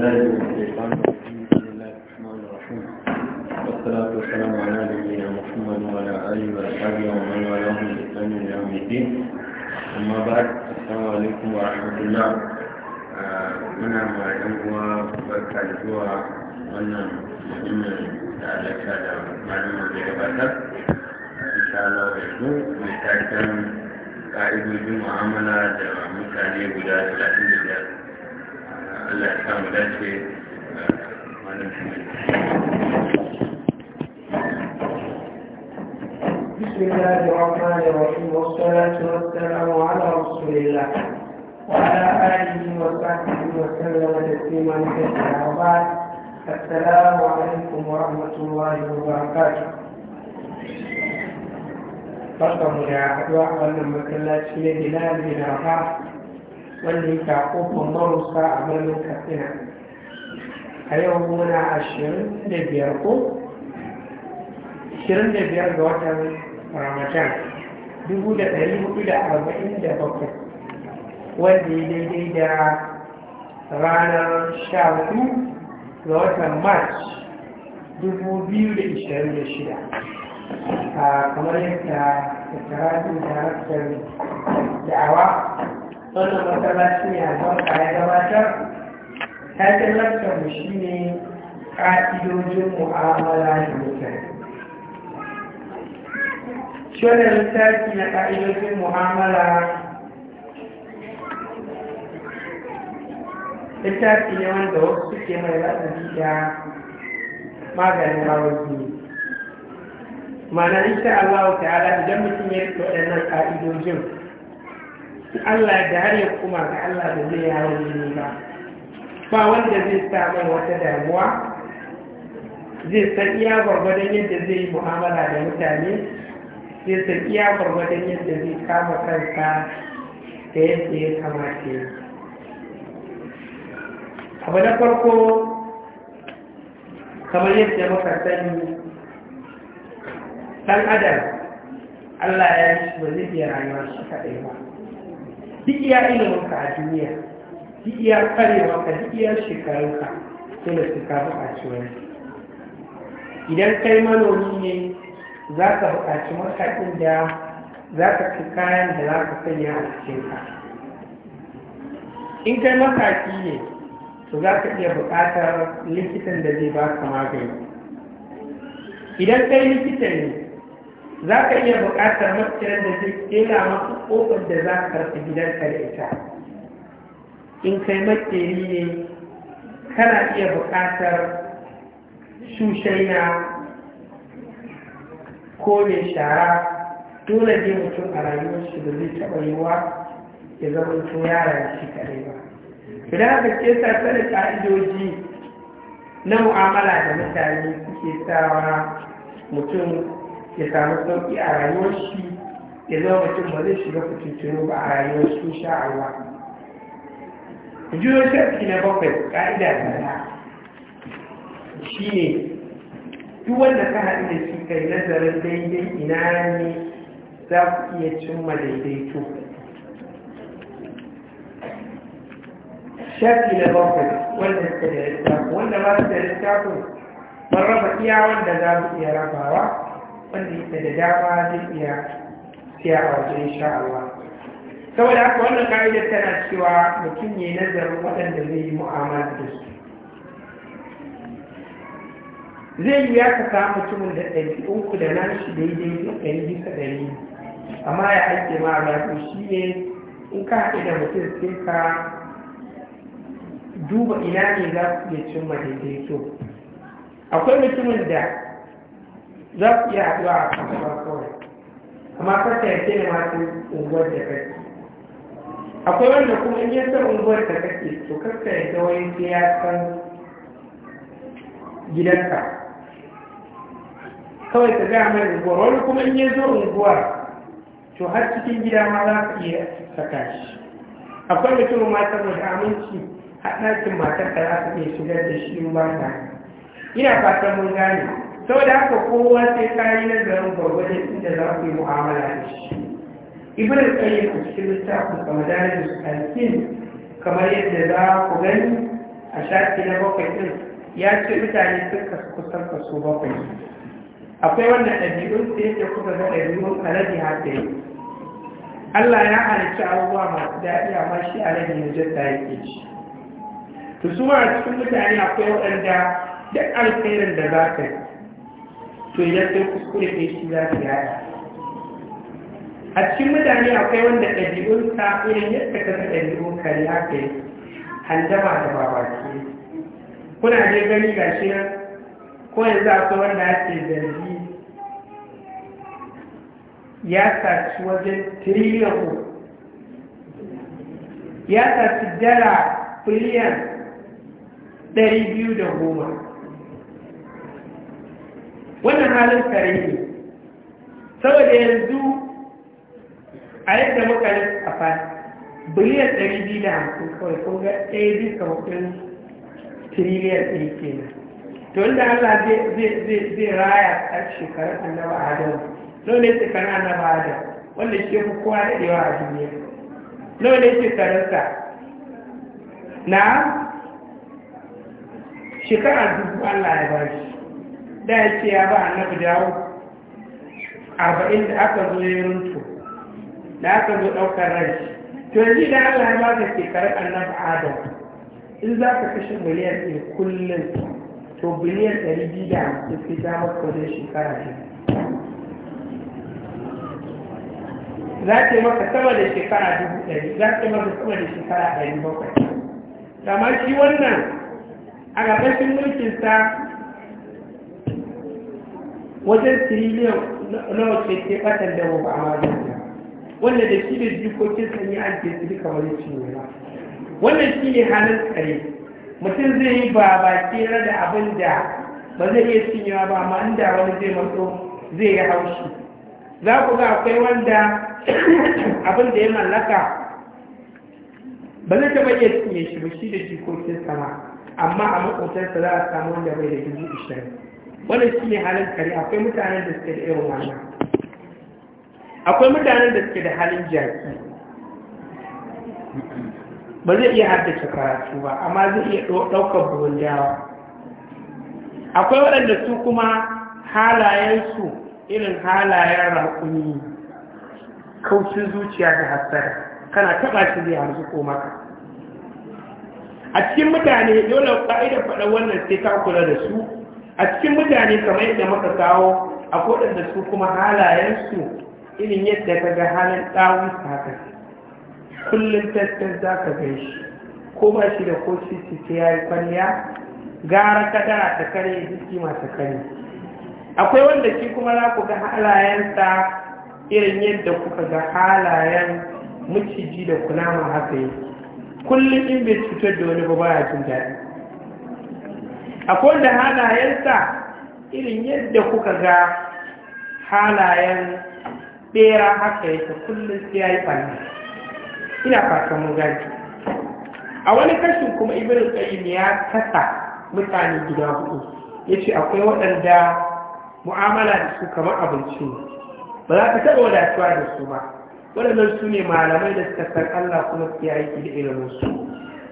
الله الشيطان بسم الله الرحمن الرحيم والصلاة والسلام على نبينا محمد وعلى آله وأصحابه ومن والاهم بإحسان إلى يوم أما بعد السلام عليكم ورحمة الله muna ma yan uwa barka da zuwa wannan muhimmin da alaƙa da malamin da ya gabatar insha Allah yanzu mai taken ka'idojin mu'amala da بسم الله الرحمن الرحيم والصلاة والسلام على رسول الله وعلى آله وصحبه وسلم تسليما كثيرا وبعد السلام عليكم ورحمة الله وبركاته فقط da واحدة wannan masallaci في bilal bin rabah wanda yake a marusa a birnin katsina a yau muna ashirin da biyar ko ashirin da biyar ga watan ramadan dubu da ɗari hudu da arba'in da bakwai wanda ya daidai da ranar sha hudu ga watan march dubu biyu da ishirin da shida a kamar yadda da da daraktar da'awa wannan matsalaci ne a barka ya gabatar taken lantarki shi ne ƙa'idojin mu'amala da mutane shirin littafi na ƙa'idojin mu'amala littafi ne wanda wasu suke mai latsari da maganin rawar jini mana insha Allah ta'ala idan mutum ya rike waɗannan ƙa'idojin Allah da har ya kuma ga Allah da zai yawo jini ba ba wanda zai samun wata damuwa zai san iya gwargwadon yadda zai yi mu'amala da mutane zai san iya gwargwadon yadda zai kama kansa da yadda ya kamata abu na farko kamar yadda muka sani ɗan adam Allah ya yi shi ba zai biya rayuwa shi kaɗai ba duk iya ilimin a duniya duk iya karewa ka duk iya shekarun ka dole suka buƙaci wani idan kai manomi ne za ka buƙaci makaɗin da za ka ci kayan da za ka sanya a cikin ka in kai makaƙi ne to za ka iya buƙatar likitan da zai ba ka magani idan kai likita ne za ka iya buƙatar makiran da zai ƙera masu ƙofar da za ka karfi gidan da ita in kai makeri ne kana iya buƙatar shushaina ko mai shara dole ne mutum a rayuwarsu da zai taɓa yiwa ya zama to yara shi kaɗai ba idan da ke sa sanin ƙa'idoji na mu'amala da mutane suke sawa mutum ya samu sauƙi a rayuwar shi ya zama mutum ba zai shiga fitintunu ba a rayuwar shi sha Allah. Juyo sharki na bakwai ƙa'ida ta ta shi ne duk wanda ka haɗu da shi kai nazarin daidai ina ne za ku iya cimma daidaito. Sharki na bakwai wanda suka da littafin wanda ba su da littafin ban raba iya wanda za mu iya rabawa wanda da dama zai iya siya a wajen insha Allah saboda haka wannan ka'idar tana cewa mutum ne nazarin waɗanda zai yi mu'amala da su zai yi ya ka samu mutumin da ɗari uku da nan shi daidai da ɗari bisa ɗari amma ya aike ma a shi ne in ka haɗe da mutum sai ka duba ina ne za su iya cimma daidaito akwai mutumin da za ku iya haɗuwa a kan ba kawai amma kasa ya ce ne masu unguwar da kake akwai wanda kuma in yasa unguwar da kake to kasa ya ga wani sai ya san gidanka kawai ka gaya mai unguwar wani kuma in ya zo unguwar to har cikin gida ma za ka iya saka shi akwai mutum ma saboda aminci haɗakin matar da za ka iya shigar da shi ba ta ina fatan mun gane saboda haka kowa sai na zaren gwargwaje inda za ku yi mu'amala da shi ibirin al a cikin littafin kamar dalilin alkin kamar yadda za ku gani a shafi na bakwai ya ce mutane sun kasu kusan kaso bakwai akwai wanda ɗabi'un sai yake kuka ga ɗabi'un alaji haka yi Allah ya halicci abubuwa masu daɗi amma shi alaji na jadda yake ci to su ma cikin mutane akwai waɗanda duk alkhairin da za ka yi to idan kai kuskure ne shi za ka yaya a cikin mutane akwai wanda ɗabi'unsa irin yadda ka ga ɗabi'un kare kai yi handama da babaki kuna je gani ga shi nan ko yanzu akwai wanda ake zargi ya saci wajen triliyan ku ya saci dala biliyan ɗari biyu da goma wannan halin kare ne saboda yanzu a yadda muka fa biliyan hamsin kawai kun ga ɗaya bisa hukun tiriliyan ɗaya kenan to inda Allah zai raya a shekarar annaba adam nawa ne shekarar annaba adam wanda shi fi kowa daɗewa a duniya nawa ne shekararsa na shekara dubu Allah ya ba shi da ya ce ya ba annabi dawo arba'in da aka zo ya runtu da aka zo ɗaukar rai to yanzu da aka yi baka shekarar annabi adam in za ka kashe miliyan ɗin kullum to biliyan ɗari biyu da hamsin sai ta maka wajen shekara biyu za ta yi maka sama da shekara dubu ɗari za ta yi maka sama da shekara ɗari bakwai kamar shi wannan a mulkin mulkinsa wajen tiriliyan nawa ce ke katar da ba a magana wanda da shi da jikokin sanyi an ke su duka wani cinye ba wannan shi ne halin tsare mutum zai yi ba ba kera da abin da ba zai iya cinyewa ba amma inda wani zai matso zai yi haushi za ku ga akwai wanda abin da ya mallaka ba zai taɓa iya cinye shi ba shi da jikokin sama amma a makotarsa za a samu wanda bai da dubu ishirin wannan shi ne halin kare akwai mutanen da suke da irin wannan akwai mutanen da suke da halin jaki ba zai iya haddace karatu ba amma zai iya ɗaukar buhun jawa akwai waɗanda su kuma halayensu irin halayen raƙuni kaucin zuciya da hassara kana taɓa shi zai harzu ko maka a cikin mutane dole ƙa'idar faɗa wannan sai ta kula da su a cikin mutane kamar yadda muka kawo a da su kuma halayensu irin yadda ka ga halin ɗawun haka kullum tattar za ka gan shi ko ba shi da ko ciki ya yi kwalliya gara kadara ta kare jiki masu kare akwai wanda shi kuma za ku ga halayensa irin yadda kuka ga halayen miciji da kunama haka yi kullum in bai cutar da wani ba ba ya jin daɗi akwai da halayensa irin yadda kuka ga halayen bera haka yake kullum sai ya yi ɓanna ina fatan mu a wani kashin kuma ibirin ƙayyim ya kasa mutane gida hudu ya ce akwai waɗanda mu'amala da su kamar abinci ba za ka taɓa wadatuwa da su ba waɗannan su ne malamai da suka san allah kuma su ya yi da ilimin su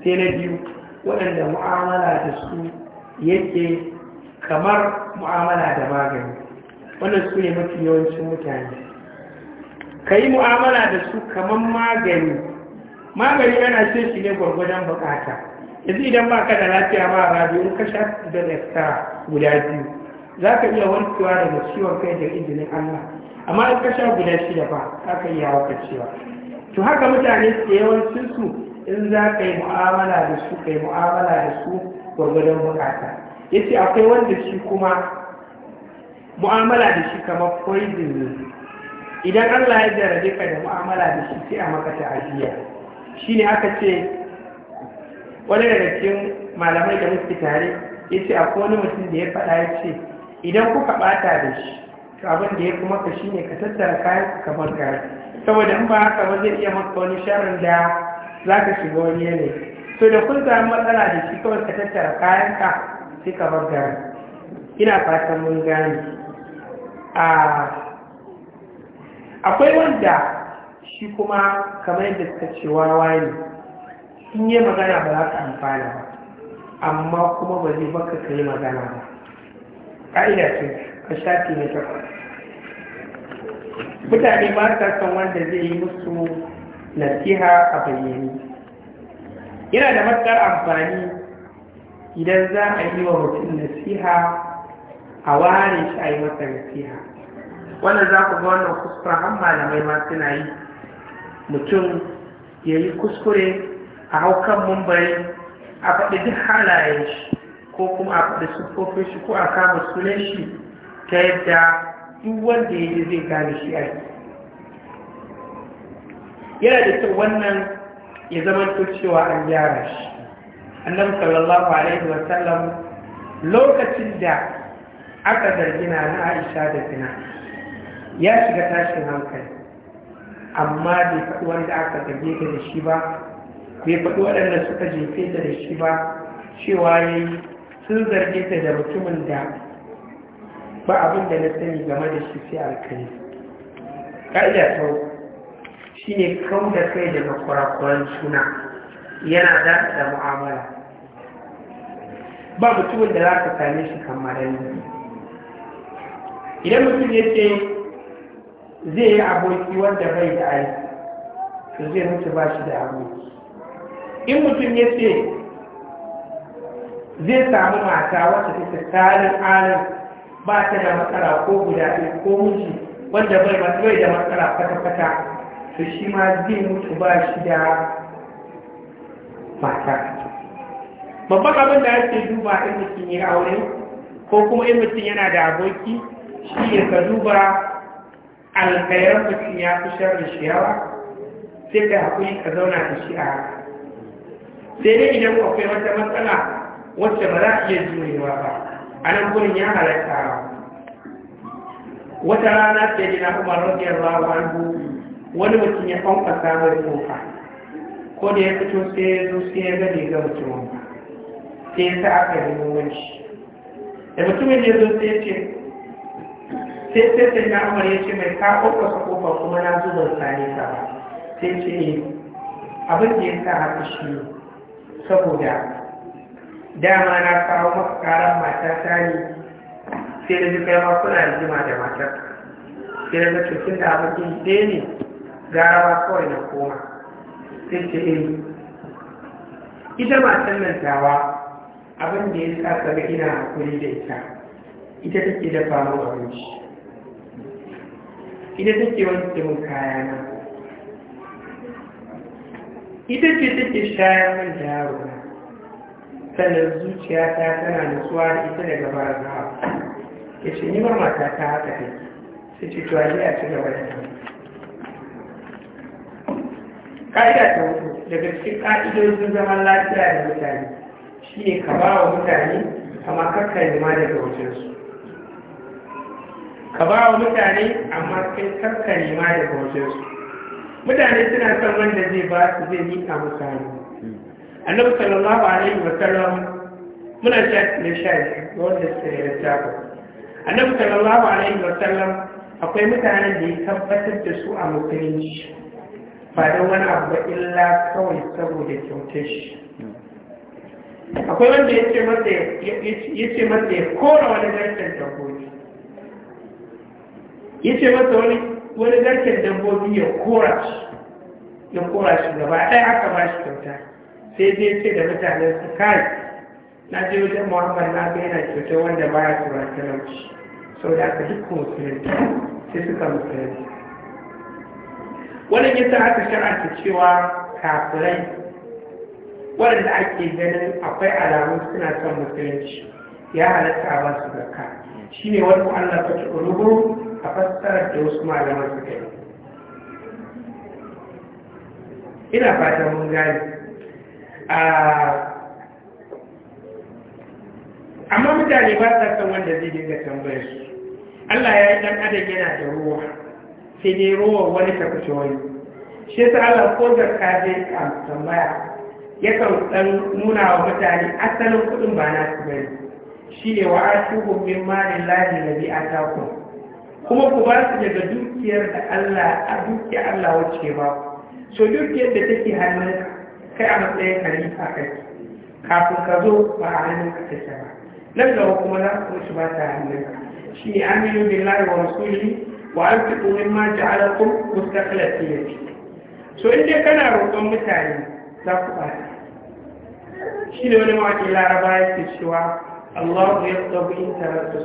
sai na biyu waɗanda mu'amala da su yake kamar mu'amala da magani wannan su ne mafi yawancin mutane ka yi mu'amala da su kamar magani magani yana ce shi ne gwargwadon bukata yanzu idan ba ka da lafiya ba a in ka sha da extra guda biyu za ka iya wankewa daga ciwon kai da izinin allah amma in ka sha guda shida ba za ka iya cewa, to haka mutane su yawancinsu in za ka yi mu'amala da su ka yi mu'amala da su gwargwadon bukata ya ce akwai wanda shi kuma mu'amala da shi kamar poison ne idan allah ya jarabe ka da mu'amala da shi sai a maka ta'aziyya shi ne aka ce wani daga cikin malamai da muke tare ya ce akwai wani mutum da ya faɗa ya ce idan kuka ɓata da shi abin da ya kuma ka shi ne ka tattara kayan kamar gari saboda in ba haka ba zai iya maka wani sharin da za ka shiga wani yanayi to da kun samu matsala da shi kawai ka tattara kayanka sai ka bar gari ina fatan mun gane akwai wanda shi kuma kamar yadda suka ce wawa ne sun yi magana ba za ka amfana ba amma kuma ba zai baka ka yi magana ba ƙa'ida ce ka shafi na takwas mutane ba sa son wanda zai yi musu nasiha a bayyane yana da matsar amfani idan za a yi wa mutum nasiha a ware shi a yi masa nasiha wannan za ku ga wannan kuskure an malamai ma suna yi mutum ya yi kuskure a haukan mumbari a faɗi duk halayen shi ko kuma a faɗi sufofin shi ko a kama sunan shi ta yadda duk wanda ya yi zai gane shi a yana da kyau wannan ya zama cewa an gyara shi annabi sallallahu alaihi wasallam lokacin da aka zargina na aisha da zina ya shiga tashin hankali amma bai faɗi wanda aka zage ta da shi ba bai faɗi waɗanda suka jefe ta da shi ba cewa ya yi sun zarge ta da mutumin da ba abin da na sani game da shi sai alkali ƙa'ida ta shi ne kau da kai daga kurakuran suna yana da da mu'amala ba mutumin da za ka same shi kamar idan mutum ya ce zai yi aboki wanda bai da ai to zai mutu ba shi da aboki in mutum ya ce zai samu mata wata take tsarin alin ba ta da matsala ko guda ko mutu, wanda bai da matsala kwata-kwata to shi ma zai mutu ba shi da mata babban abin da yake duba in mutum ya aure ko kuma in mutum yana da aboki shi ya ka duba alkhairar mutum ya fi sharri shi yawa sai ka haƙuri ka zauna da shi a haka sai dai idan akwai wata matsala wacce ba za a iya jurewa ba a nan gurin ya halatta wata rana sai kuma umar rabiyar rawa an wani mutum ya kwankwasa samun kofa ko da ya fito sai ya zo sai ya gane ga mutumin ba sai ya sa aka yi noman da mutumin ya zo sai ya ce sai sai sai na amur ya ce mai ka kwankwasa kofa kuma na zo ban sani ba sai ce ne. Eh, abin da ya sa haka shi ne, saboda dama na kawo maka karan ta ne sai da ji kai ma kuna rigima da matar sai da ga cikin da abin ɗaya ne garawa kawai na koma sai ce eh. ita matan nan tawa abin da ya sa saba ina hakuri da ita ita take da faru abinci ita take wanke mun kaya na ita ce take shayar min da yaro na sannan zuciya ta tana nutsuwa da ita daga bara ya ce ni ma mata ta haka take sai ce tuwa a ci gaba da ta Ka'ida ta hudu daga cikin ka'idojin zaman lafiya da mutane shi ne ka ba wa mutane amma kakka ma daga wajensu ka ba wa mutane amma kai kakka nema daga wajensu mutane suna son wanda zai ba su zai miƙa musu hannu annabi sallallahu alaihi wa sallam muna sha da sha wanda suka yi littafin annabi sallallahu alaihi wa sallam akwai mutanen da ya tabbatar da su a musulunci ba don wani abu ba illa kawai saboda kyautar shi akwai wanda ya ce masa ya kora wani garken dabbobi ya ce masa wani garken dabbobi ya kora shi ya kora shi gaba ɗaya aka ba shi kyauta sai zai ce da mutanen su kai na je wajen muhammad na ga yana kyauta wanda ba ya tura talauci sau da aka duk musulunta sai suka musulunta wannan yasa aka ta cewa kafirai waɗanda ake ganin akwai alamu suna son musulunci ya halatta a ba su shi shine wani Allah ta tsoro a fassarar da wasu malaman su gani ina fatan mun gani amma mutane ba sa son wanda zai dinga tambayar su Allah ya yi dan adam yana da ruwa sai dai wani tafi wani shi yasa Allah ko zakka a ah, tambaya yakan ɗan nuna wa mutane asalin kuɗin ba na su bane shi ne wa ashubu min malin lahi a ataku kuma ku ba su daga dukiyar da Allah a dukiyar Allah wacce ba so dukiyar da take hannun kai a matsayin a kai kafin ka zo ba a hannun ka take ba nan gaba kuma za su shi ba ta hannun shi ne aminu billahi wa rasulihi wa anfiqu mimma ja'alakum mustakhlifin fihi so in dai kana roƙon mutane za ku bada shi ne wani mawaƙi laraba yake cewa Allahu yaqtabu in tarakta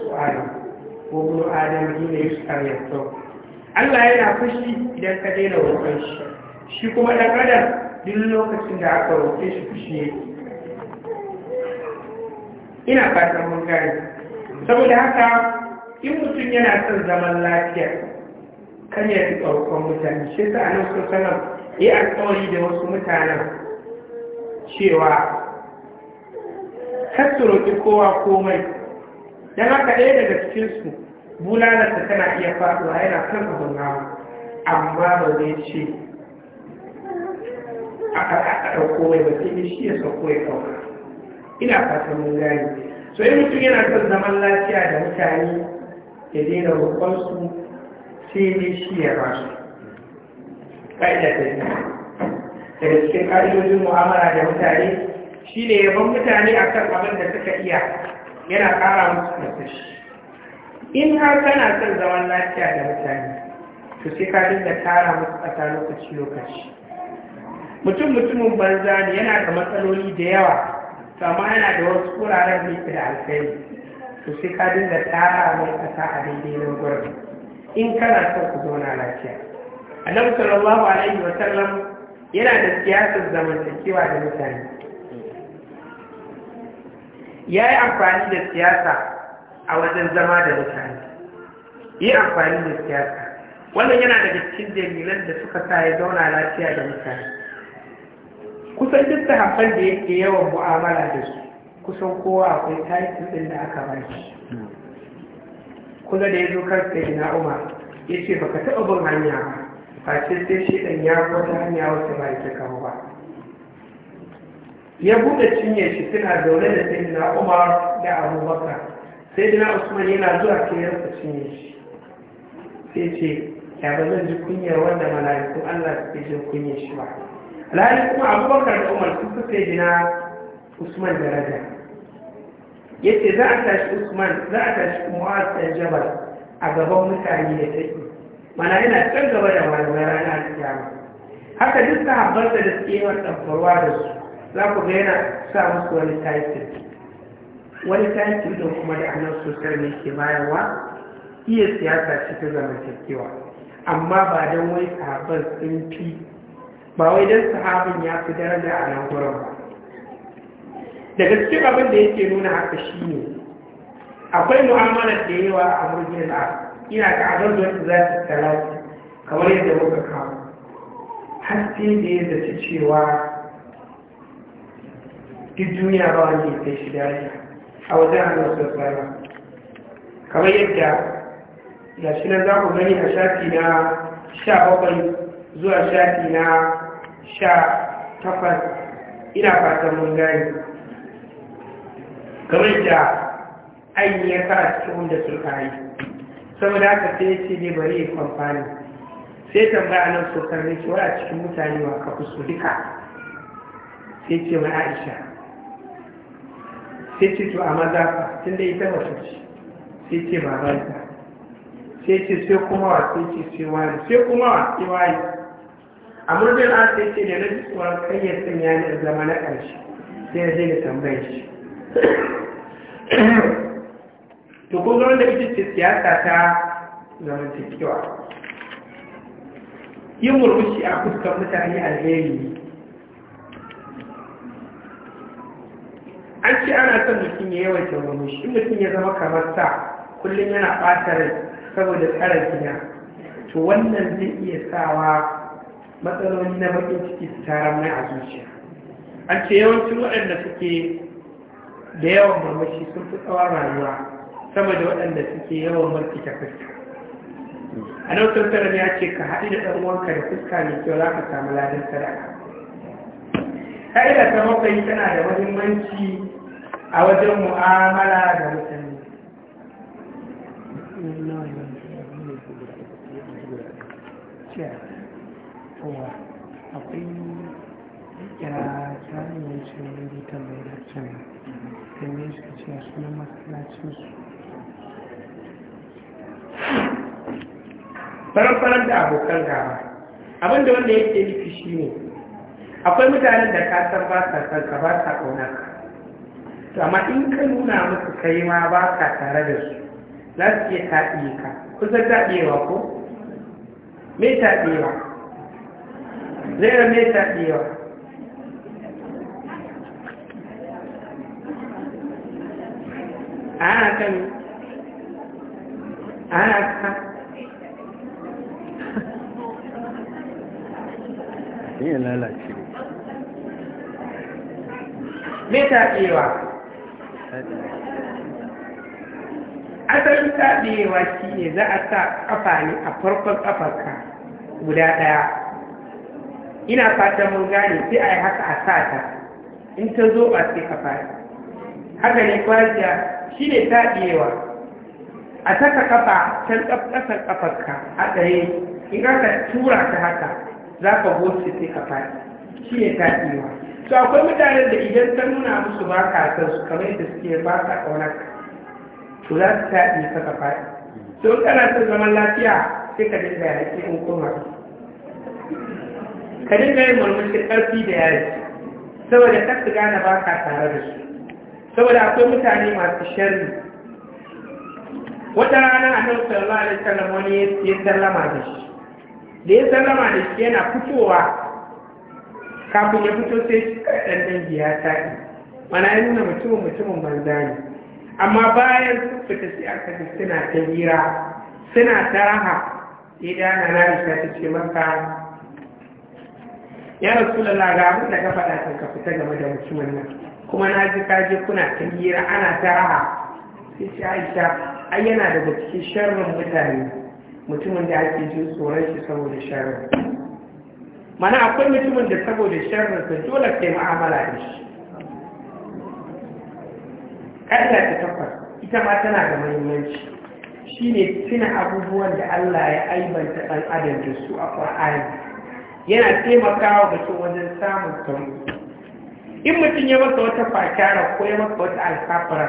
Allah yana fushi idan ka daina roƙon shi shi kuma da ƙadar duk lokacin da aka roƙe shi fushi yake ina fatan mun gane saboda haka in mutum yana son zaman lafiya kan ya fi ɗaukan mutane shi sa nan su sanar yi alkawari da wasu mutanen cewa kar su roƙi kowa komai don haka ɗaya daga cikinsu bulalarsa tana iya faɗuwa yana kan abin nawa amma ba zai ce a ɗauko mai ba sai shi ya sauko ya ɗauka ina fatan mun gani so yi mutum yana son zaman lafiya da mutane ya daina roƙonsu sai ne shi ya ba su da daga cikin ƙa'idojin mu'amala da mutane shi ne yaban mutane a kan abin da suka iya yana ƙara musu nasashi in har kana son zaman lafiya da mutane to sai ka dinga tara musu ƙasa lokaci lokaci mutum mutumin banza ne yana da matsaloli da yawa amma yana da wasu wuraren da da alkhairi to sai ka dinga tsara mai kasa a daidai nan gurin in kana son ku zauna lafiya annabi sallallahu alaihi wa sallam yana da siyasar zamantakewa da mutane ya yi amfani da siyasa a wajen zama da mutane yi amfani da siyasa wannan yana daga cikin jami'an da suka sa ya zauna lafiya da mutane kusan duk sahabban da yake yawan mu'amala da su kusan kowa akwai taifin ɗin da aka ba shi kula da ya zo kansa na umar ya ce baka taɓa bin hanya ba ce sai shi ɗan ya wata hanya wata ba ita kawo ba ya buɗe cinye shi suna zaune da sai na umar da abubakar sai dina usman yana zuwa ke yarsa cinye shi sai ce ya ba zan ji kunyar wanda mala'iku allah su ji kunyar shi ba layi kuma abubakar da umar su suka yi dina usman daraja yace za a tashi Usman za a tashi Mu'az da Jabal a gaban mutane da take mana yana can gaba da wannan rana ta kiyama haka duk sahabbansa da suke yawan tsamfarwa da su za ku ga yana sa musu wani title wani don kuma da annan sosai ne ke bayarwa iya siyasa ce ta zamantakewa amma ba don wai sahabban sun fi ba wai don sahabin ya fi daraja a nan gurin ba daga cikin abin da yake nuna haka shi ne akwai mu'amalar da yawa a murjin al'ar ina ka abin da za ta kamar yadda muka kawo har sai da ya zaci cewa duk duniya ba wani ya kai shi dariya a wajen hannun sassara kamar yadda ya shi nan za ku gani a shafi na sha bakwai zuwa shafi na sha takwas ina fatan mun gani kamar da ainihin ya fara cikin wanda sun kayi saboda haka sai ya ce ne bari ya kwamfani sai tambaya nan sokar ne ce wala cikin mutane wa ka kusu duka sai ce mai aisha sai ce to a maza fa tun da ita mace ce sai ce babanta sai ce sai kuma wa sai ce sai wani sai kuma wa sai wani a murjin a sai ce da na ji kai kayyar sanya ni a zama na ƙarshe sai ya je da tambayar shi to ko zama da ita ce siyasa ta cewa. yin murmushi a fuskar mutane alheri ne an ce ana son mutum ya yawaita murmushi mutum ya zama kamar sa kullum yana ɓata rai saboda tsara gina to wannan zai iya sawa matsaloli na bakin ciki su taron mai a zuciya an ce yawancin waɗanda suke da yawan mamaci sun fi tsawon rayuwa sama da waɗanda suke yawan ta fuska a nan sassarar ya ce ka haɗu da ɗan uwanka da fuska mai kyau za ka samu ladin sadaka ka'ida ta mafayi tana da mahimmanci a wajen mu'amala da mutane akwai kira tsarin wani tambayar tambaye shi ka ce a sunan masallacinsu da abokan gaba abinda wanda yake nufi shi ne akwai mutanen da ka san ba sa san ka ba sa ƙauna ka to amma in ka nuna musu kai ma ba ka tare da su za su iya taɗiye ka kusa taɗiyewa ko me taɗiyewa zai me taɗiyewa a haka ne a haka iya lalace me taɓewa asalin taɓewa shi ne za a sa ƙafa ne a farkon ƙafarka guda ɗaya ina fatan mun gane sai a yi haka a sata in ta zo ba sai ka fara haka ne kwanciya shi ne taɗewa a taka ƙafa can ƙasar ƙafarka a tsaye in aka tura ta haka za ka goce sai ka faɗi shi ne taɗewa to akwai mutanen da idan ta nuna musu ba ka san su kamar yadda suke ba ka ƙaunar to za su taɗe ka ka faɗi to in kana son zaman lafiya sai ka dinga yaƙi in kuma ka dinga yin murmushin ƙarfi da yaji saboda kar su gane ba ka tare da su saboda akwai mutane masu sharri wata rana nan sallallahu alaihi wasallam wani ya sallama da shi da ya sallama da shi yana fitowa kafin ya fito sai ɗan dangi ya yi, mana ya nuna mutumin mutumin banza ne amma bayan sun fita sai aka ji suna ta hira suna ta raha idan na na ta ce maka ya rasu lalata abin da ka faɗa kan ka fita game da mutumin nan kuma na ji kaje kuna ta hira ana ta raha sai shi aisha ai yana daga cikin sharrin mutane mutumin da ake jin tsoron shi saboda sharrin mana akwai mutumin da saboda sharrin sa dole kai mu'amala da shi Kada ta takwas ita ma tana da muhimmanci shine tuna abubuwan da Allah ya aibanta ɗan adam da su a Qur'ani yana taimakawa mutum wajen samun tauhidi in mutum ya maka wata fakara ko ya maka wata alkafara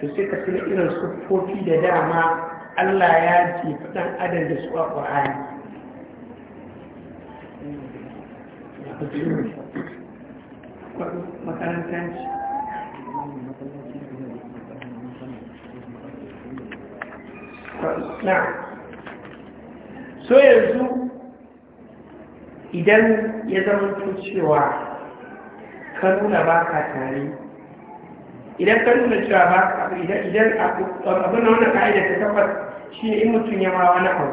to sai ka tuna irin siffofi da dama Allah ya ji faɗan adam da su a so yanzu idan ya zama cewa ka nuna ba ka tare idan ka nuna cewa ba idan abu na wannan ka'ida ta tabbas shi ne in mutum ya ma wani abu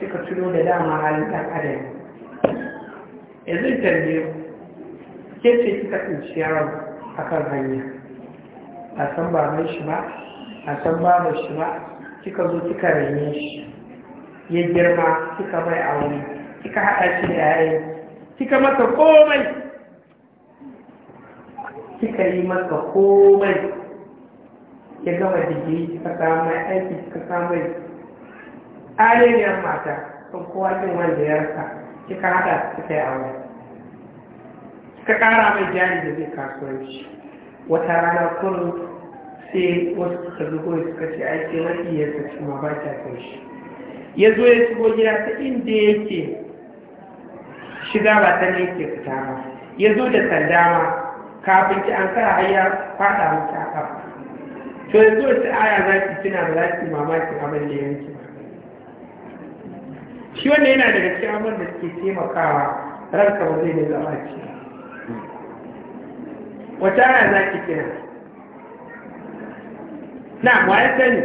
sai ka tuno da dama halin ɗan adam yanzu tarbiyyar ke ce kika tsinci yaron a kan hanya a san baban shi ba a san mai shi ba kika zo kika rayu shi ya girma kika bai aure kika haɗa shi da yayin kika masa komai suka yi maka komai ya gama digiri kika samu mai aiki kika samu mai alaliyar mata sun kowa cin wanda ya rasa kika hada suka yi aure kika kara mai jari da zai kasuwanci wata rana kurin sai wasu suka zugo suka ce aiki mafi iya sace ma ba ta kai shi ya zo ya shigo gida ta inda yake shiga ba ta ne yake fita ba ya zo da sanda ma kafin ki an kara har ya fada miki a kafa to yanzu wace aya za ki tuna da za ki mamaki abin da ya miki shi wanda yana daga cikin abin da suke taimakawa ranka ba zai ne zama ci wata aya za ki tuna na wa ya sani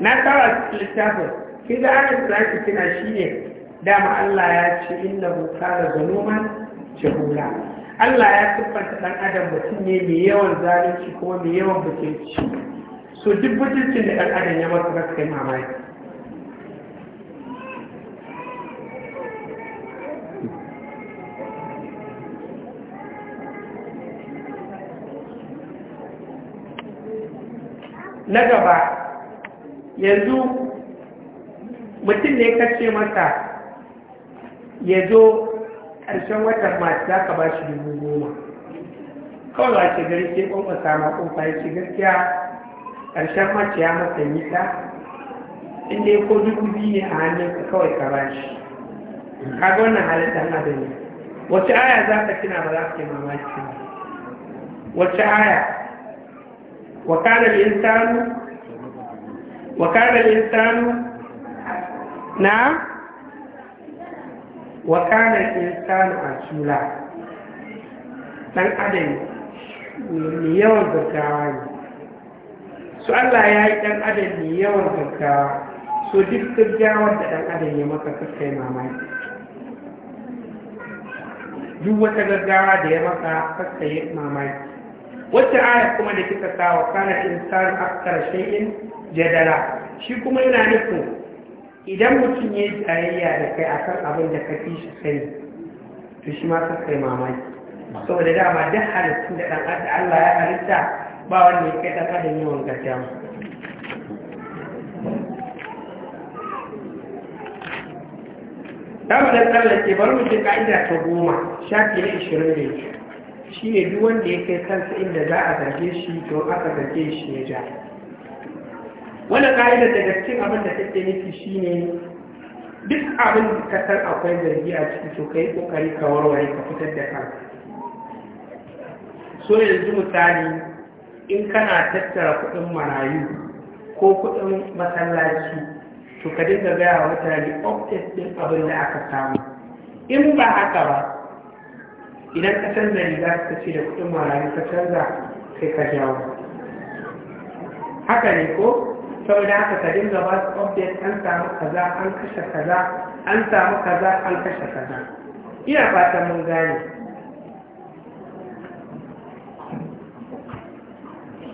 na kawo littafin kin ga ayar da za ki tuna shi ne dama Allah ya ce inna kana zaluman jahula Allah ya siffanta ɗan adam mutum ne mai yawan zalunci kuma mai yawan butulci so duk butulcin da ɗan adam ya masa za kai mamaye na gaba yanzu mutum ne kace masa ya zo ƙarshen watan mace za ka ba shi dubu goma kawai ba ce gari ke ƙwanƙwa sama ƙofa ya ce gaskiya ƙarshen mace ya masa nisa inda ya ko dubu biyu ne a ka kawai ka ba shi Ka ga wannan halittar ne wace aya za ka kina ba za ka yi mamaki ba wace aya وكان الإنسان yin الإنسان Na? wa kana insanu akila dan adam ne yawan gaggawa ne su Allah ya yi dan adam ne yawan gaggawa so duk gaggawa da dan adam ya maka kakai mamaki duk wata gaggawa da ya maka kakai mamaki wata aya kuma da kika sa wa kana insanu akthar shay'in jadala shi kuma yana nufin idan mutum ya yi tsayayya da kai a kan abin da ka fi shi sani to shi ma ka kai mamaki saboda dama duk halittun da ɗan Allah ya halitta ba wanda ya kai ɗan adam yawan gaskiya Dama da ke bari mutum ka'ida ta goma shafi na ishirin da shi ne duk wanda ya kai kansa inda za a zarge shi to aka zarge shi ya ja. wani ƙa'idar daga cikin abin da take nufi ne duk abin kasar akwai zargi a ciki to kai kokari ka warware ka fitar da kanka so yanzu misali in kana tattara kuɗin marayu ko kuɗin masallaci to ka dinga gaya wa mutane ofis ɗin abin da aka samu in ba haka ba idan ka canza riga ka ce da kuɗin marayu ka canza kai ka jawo haka ne ko sau da haka ka dinga ba su update an samu kaza an kashe kaza an samu kaza an kashe kaza ina fatan mun gane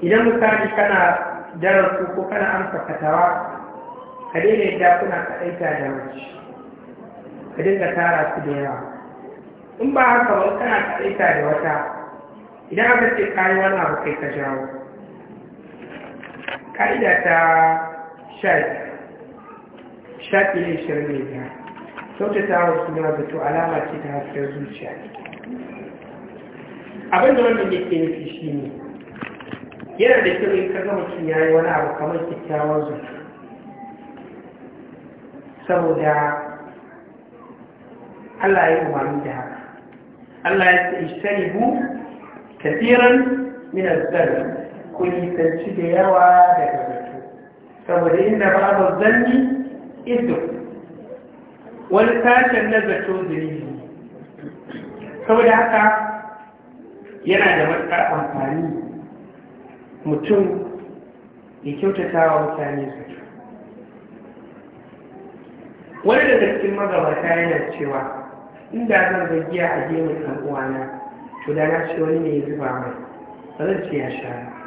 idan misali kana darasu ko kana amsa fatawa ka daina yadda kuna aika da mace ka dinga tara su da yawa in ba haka ba kana aika da wata idan aka ce kayi wani abu kai ka jawo ƙa'ida ta shafi ne shirin ne ta kyautata wa suna zato alama ce ta hasken zuciya abinda wannan yake nufi shi ne yana da kyau in ka gama mutum ya yi wani abu kamar kyakkyawar zato saboda Allah ya yi umarni da haka Allah ya ce ishtaribu kafiran min al-zalm kulitanci da yawa daga zato saboda inda ba a zanni ido wani sashen na zato zunubi saboda haka yana da matsar amfani mutum ya kyautata wa mutane zato wani da zarkin magabata yana cewa inda zan zagiya a gemun ɗan uwana to da na ce wani ne ya zuba mai ba zan ce ya sha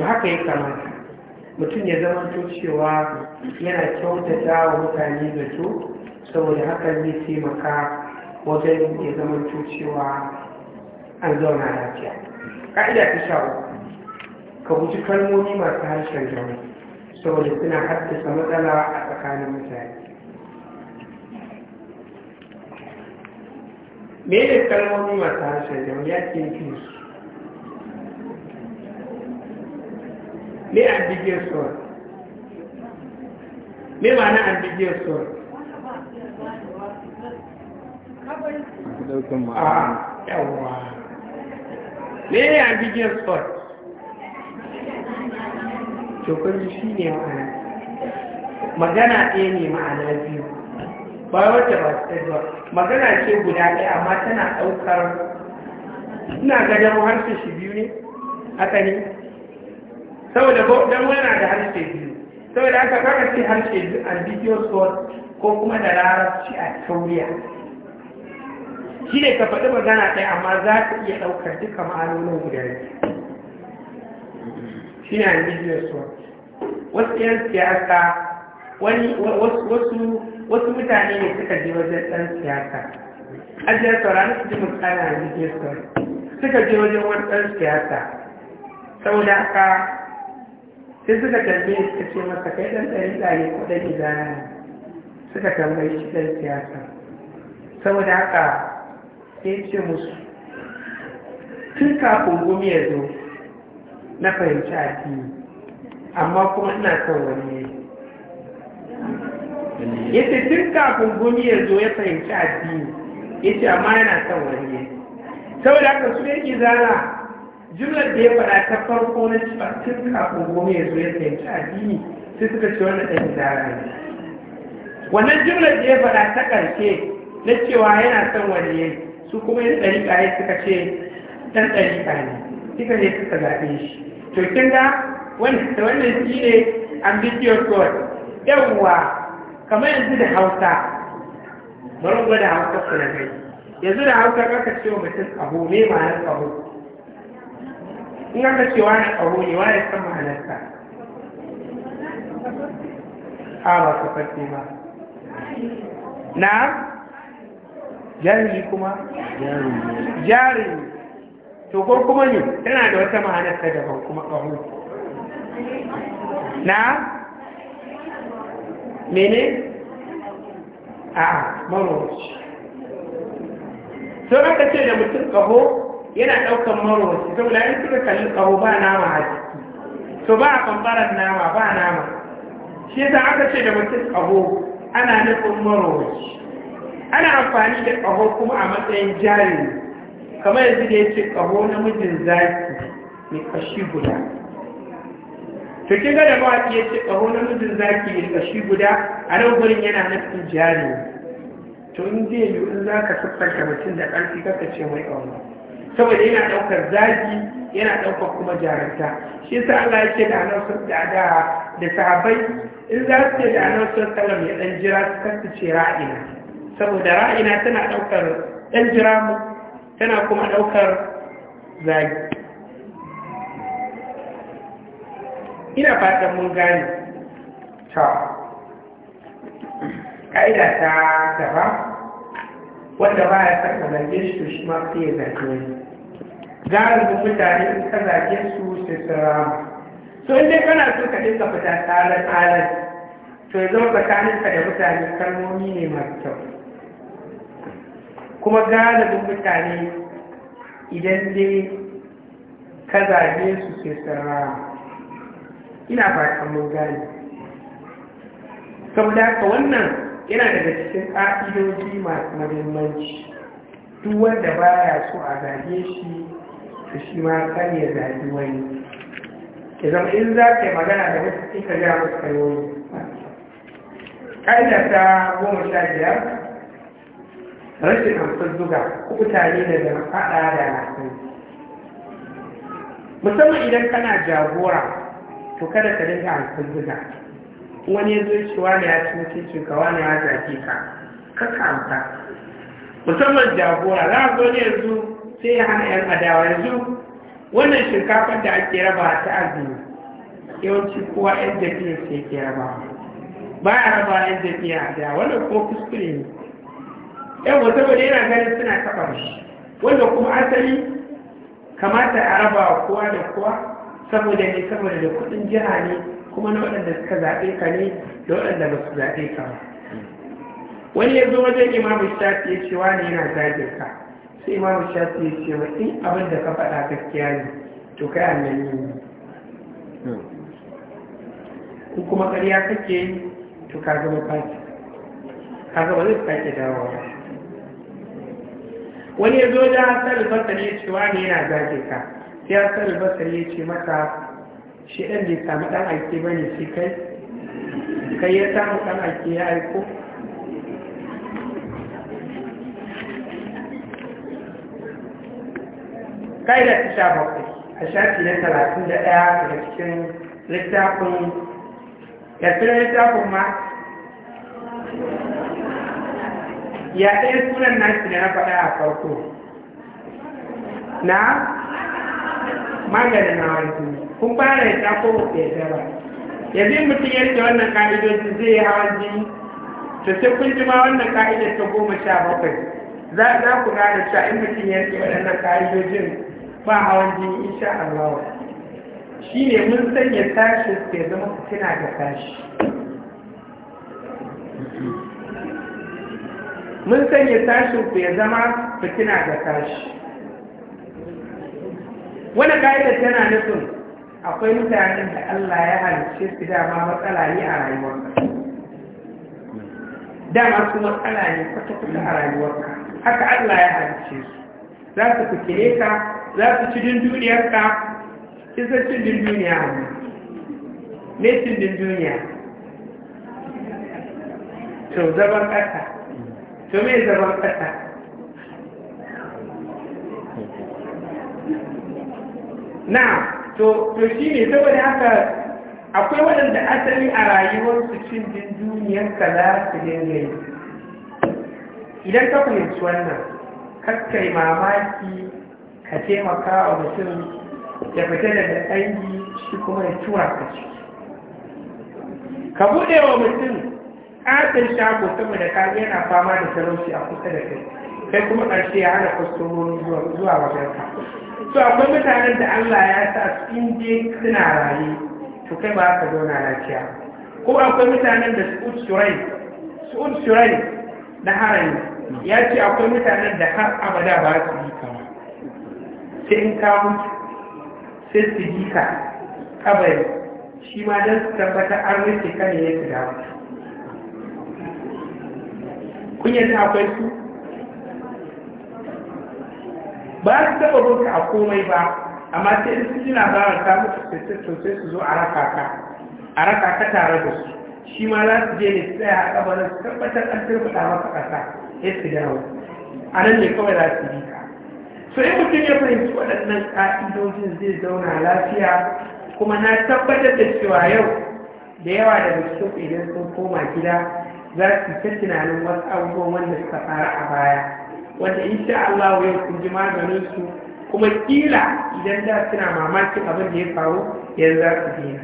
to haka ya kamata mutum ya zama to cewa yana kyautata wa mutane zato saboda hakan zai taimaka wajen ya zama to cewa an zauna lafiya ka'ida ta sha ka guji kalmomi masu harshen jami saboda suna haddasa matsala a tsakanin mutane me ne kalmomi masu harshen jami ya ke su me ambiguous word me ma'ana ambiguous word ah ne ambiguous word cokali shi ne ma'ana magana ɗaya ne ma'ana biyu ba wata ba su magana ce guda ɗaya amma tana ɗaukar ina gajen harshe shi biyu ne haka ne saboda don wana da harshe biyu saboda aka kaka ce harshe biyu bidiyo word ko kuma da larabci a tauriya shi ne ka faɗi magana ɗaya amma za ka iya ɗaukar duka ma'anonin guda ne shi ne bidiyo word wasu yan siyasa wasu mutane ne suka je wajen ɗan siyasa ajiyar saurari su ji mutane a bidiyo word suka je wajen wani ɗan siyasa saboda ka. sai suka tambaye suka ce masa kai dan ɗari ɗari ko ɗan izana ne suka tambaye shi ɗan siyasa saboda haka sai ce musu tun kafin gumi ya zo na fahimci addini amma kuma ina son wani ne ya ce tun kafin gumi ya zo ya fahimci addini ya ce amma yana son wani ne saboda haka su yake zana jumlar da ya faɗa ta farko na cewa tun kafin goma ya zo ya fahimci addini sai suka ce wannan ɗan gidara ne wannan jumlar da ya faɗa ta ƙarshe na cewa yana son wani yayi su kuma yin ɗariƙa ya suka ce ɗan ɗariƙa ne suka ne suka zaɓe shi to kin ga wannan shi ne ambitious god yawwa kamar yanzu da hausa bari gwada hausa kuna yanzu da hausa kaka ce wa mutum abu me ma'anar abu in an ce wani ƙaho ne waya san ma'anarsa a ba ka farko ba na jari kuma Jari? to ko kuma ne tana da wata da daban kuma tsaro na mene a marowaci sau aka ce da mutum ƙaho yana ɗaukan marowaci saboda in suka kalli ƙaho ba nama a ciki to ba a kambaran nama ba nama shi yasa aka ce da mutum ƙaho ana nufin marowaci ana amfani da ƙaho kuma a matsayin jari kamar yanzu da ya ce na namijin zaki mai ƙashi guda to kin ga da mawaƙi ya ce na namijin zaki mai ƙashi guda a nan gurin yana nufin jari to in zai yiwu in za ka siffanta mutum da ƙarfi kaka ce mai ƙauna saboda yana ɗaukar zagi, yana ɗaukar kuma jarumta shi yasa Allah ya da annabi da da da sahabbai in za su ce da anasar kalar ya dan jira su kasu ce ra'ina saboda ra'ina tana ɗaukar dan jira mu tana kuma ɗaukar zagi ina fatan mun gane ta ƙa'ida ta gaba wanda ba ya san zage shi to shi ma sai ya zage wani da mutane in ka zage su sai su rama so in kana so ka dinga fita tsalar tsalar to ya zama ka da mutane kalmomi ne masu kyau kuma galibin mutane idan dai ka zage su sai su rama ina fatan mun gane saboda haka wannan yana daga cikin ƙa'idoji masu mahimmanci duk wanda ba ya so a zage shi da shi ma kan ya zage wani ya zama in za ka yi magana da wasu in ya musu kalmomi ƙa'ida ta goma sha biyar rashin amsar zuga ko mutane da zama faɗa da nasan musamman idan kana jagora to kada ka dinga amsar zuga wani ya zo cewa ne ya ci mutunci ka wani ya zafi ka kaka amsa musamman jagora za a zo ne yanzu sai ya hana yan adawa yanzu wannan shinkafar da ake raba ta azumi yawanci kowa yan jafiya sai ke raba ba ya raba yan jafiya da wannan ko kuskure ne yan wata bane yana ganin suna taɓa shi wanda kuma asali kamata a raba kowa da kowa saboda ne saboda da kuɗin jiha ne kuma na waɗanda suka zaɓe ka ne da waɗanda ba su zaɓe ka ba wani ya zo wajen imamu shafi ya ce wani yana zagin ka sai imamu shafi ya ce in abin da ka faɗa gaskiya ne to kai yi ne ko hmm. kuma ƙarya kake yi to ka gama faki ka gama zai sake dawowa wani ya zo da hasar basari ya ce wani yana zagin ka sai hasar basari ya ce mata shi ɗan bai sami ɗan aike ba ne shi kai kai ya samu ɗan aike ya aiko ƙa'ida da sha bakwai a shafi na talatin da ɗaya daga cikin littafin ya tura littafin ma ya ɗaya sunan nashi da na faɗa a farko na maganin na wani kun fara ya tako ba ku yadda ba yanzu mutum ya rike wannan ka'idoji zai yi hawan jini Ta sai kun ji ma wannan ka'idar ta goma sha bakwai za za ku gane cewa in mutum ya rike waɗannan ka'idojin ba hawan jini insha Allah shi ne mun sanya tashi ya zama fitina ga tashi mun sanya tashin ku ya zama fitina ga tashi wani ka'idar tana nufin akwai mutanen da Allah ya halice su dama matsala ne a rayuwarka dama su matsala ne kwata-kwata a rayuwarka haka Allah ya halice su za su fukile ka za su ci din duniyarka isa cin din duniya hannu ne cin din duniya to zaban ƙasa to me zaban ƙasa Na. to to ne saboda haka akwai waɗanda asali a rayuwarsu cin jin duniyar ka za su dinga idan ka fahimci wannan kakkai mamaki ka taimaka wa mutum ya fita daga dangi shi kuma ya tura ka ciki ka buɗe wa mutum ƙatar shago da ka yana fama da talauci a kusa da kai kai kuma ƙarshe ya hana kwastomomi zuwa wajen ka to akwai mutanen da Allah ya sa su inje suna raye to kai ba ka zauna lafiya ko akwai mutanen da su'ud shurai su'ud shurai na harin ya ce akwai mutanen da har abada ba su yi kama sai in kawo sai su yi ka kabari shi ma don su tabbata an rufe kan ya su dawo kun yanzu akwai su ba su taɓa roka a komai ba amma sai in sun ba labarin ta mutu sosai su zo a raka ka a raka ka tare da su shi ma za su je ne su tsaya a kabarin su tabbatar an turbuta maka ƙasa ya su wasu a nan ne kawai za su yi ka so in mutum ya fahimci waɗannan ƙa'idojin zai zauna lafiya kuma na tabbatar da cewa yau da yawa daga cikin idan sun koma gida za su ta tunanin wasu abubuwan wanda suka fara a baya wanda insha Allah ya kun maganin su kuma kila idan da suna mamakin abin da ya faru yanzu za su dina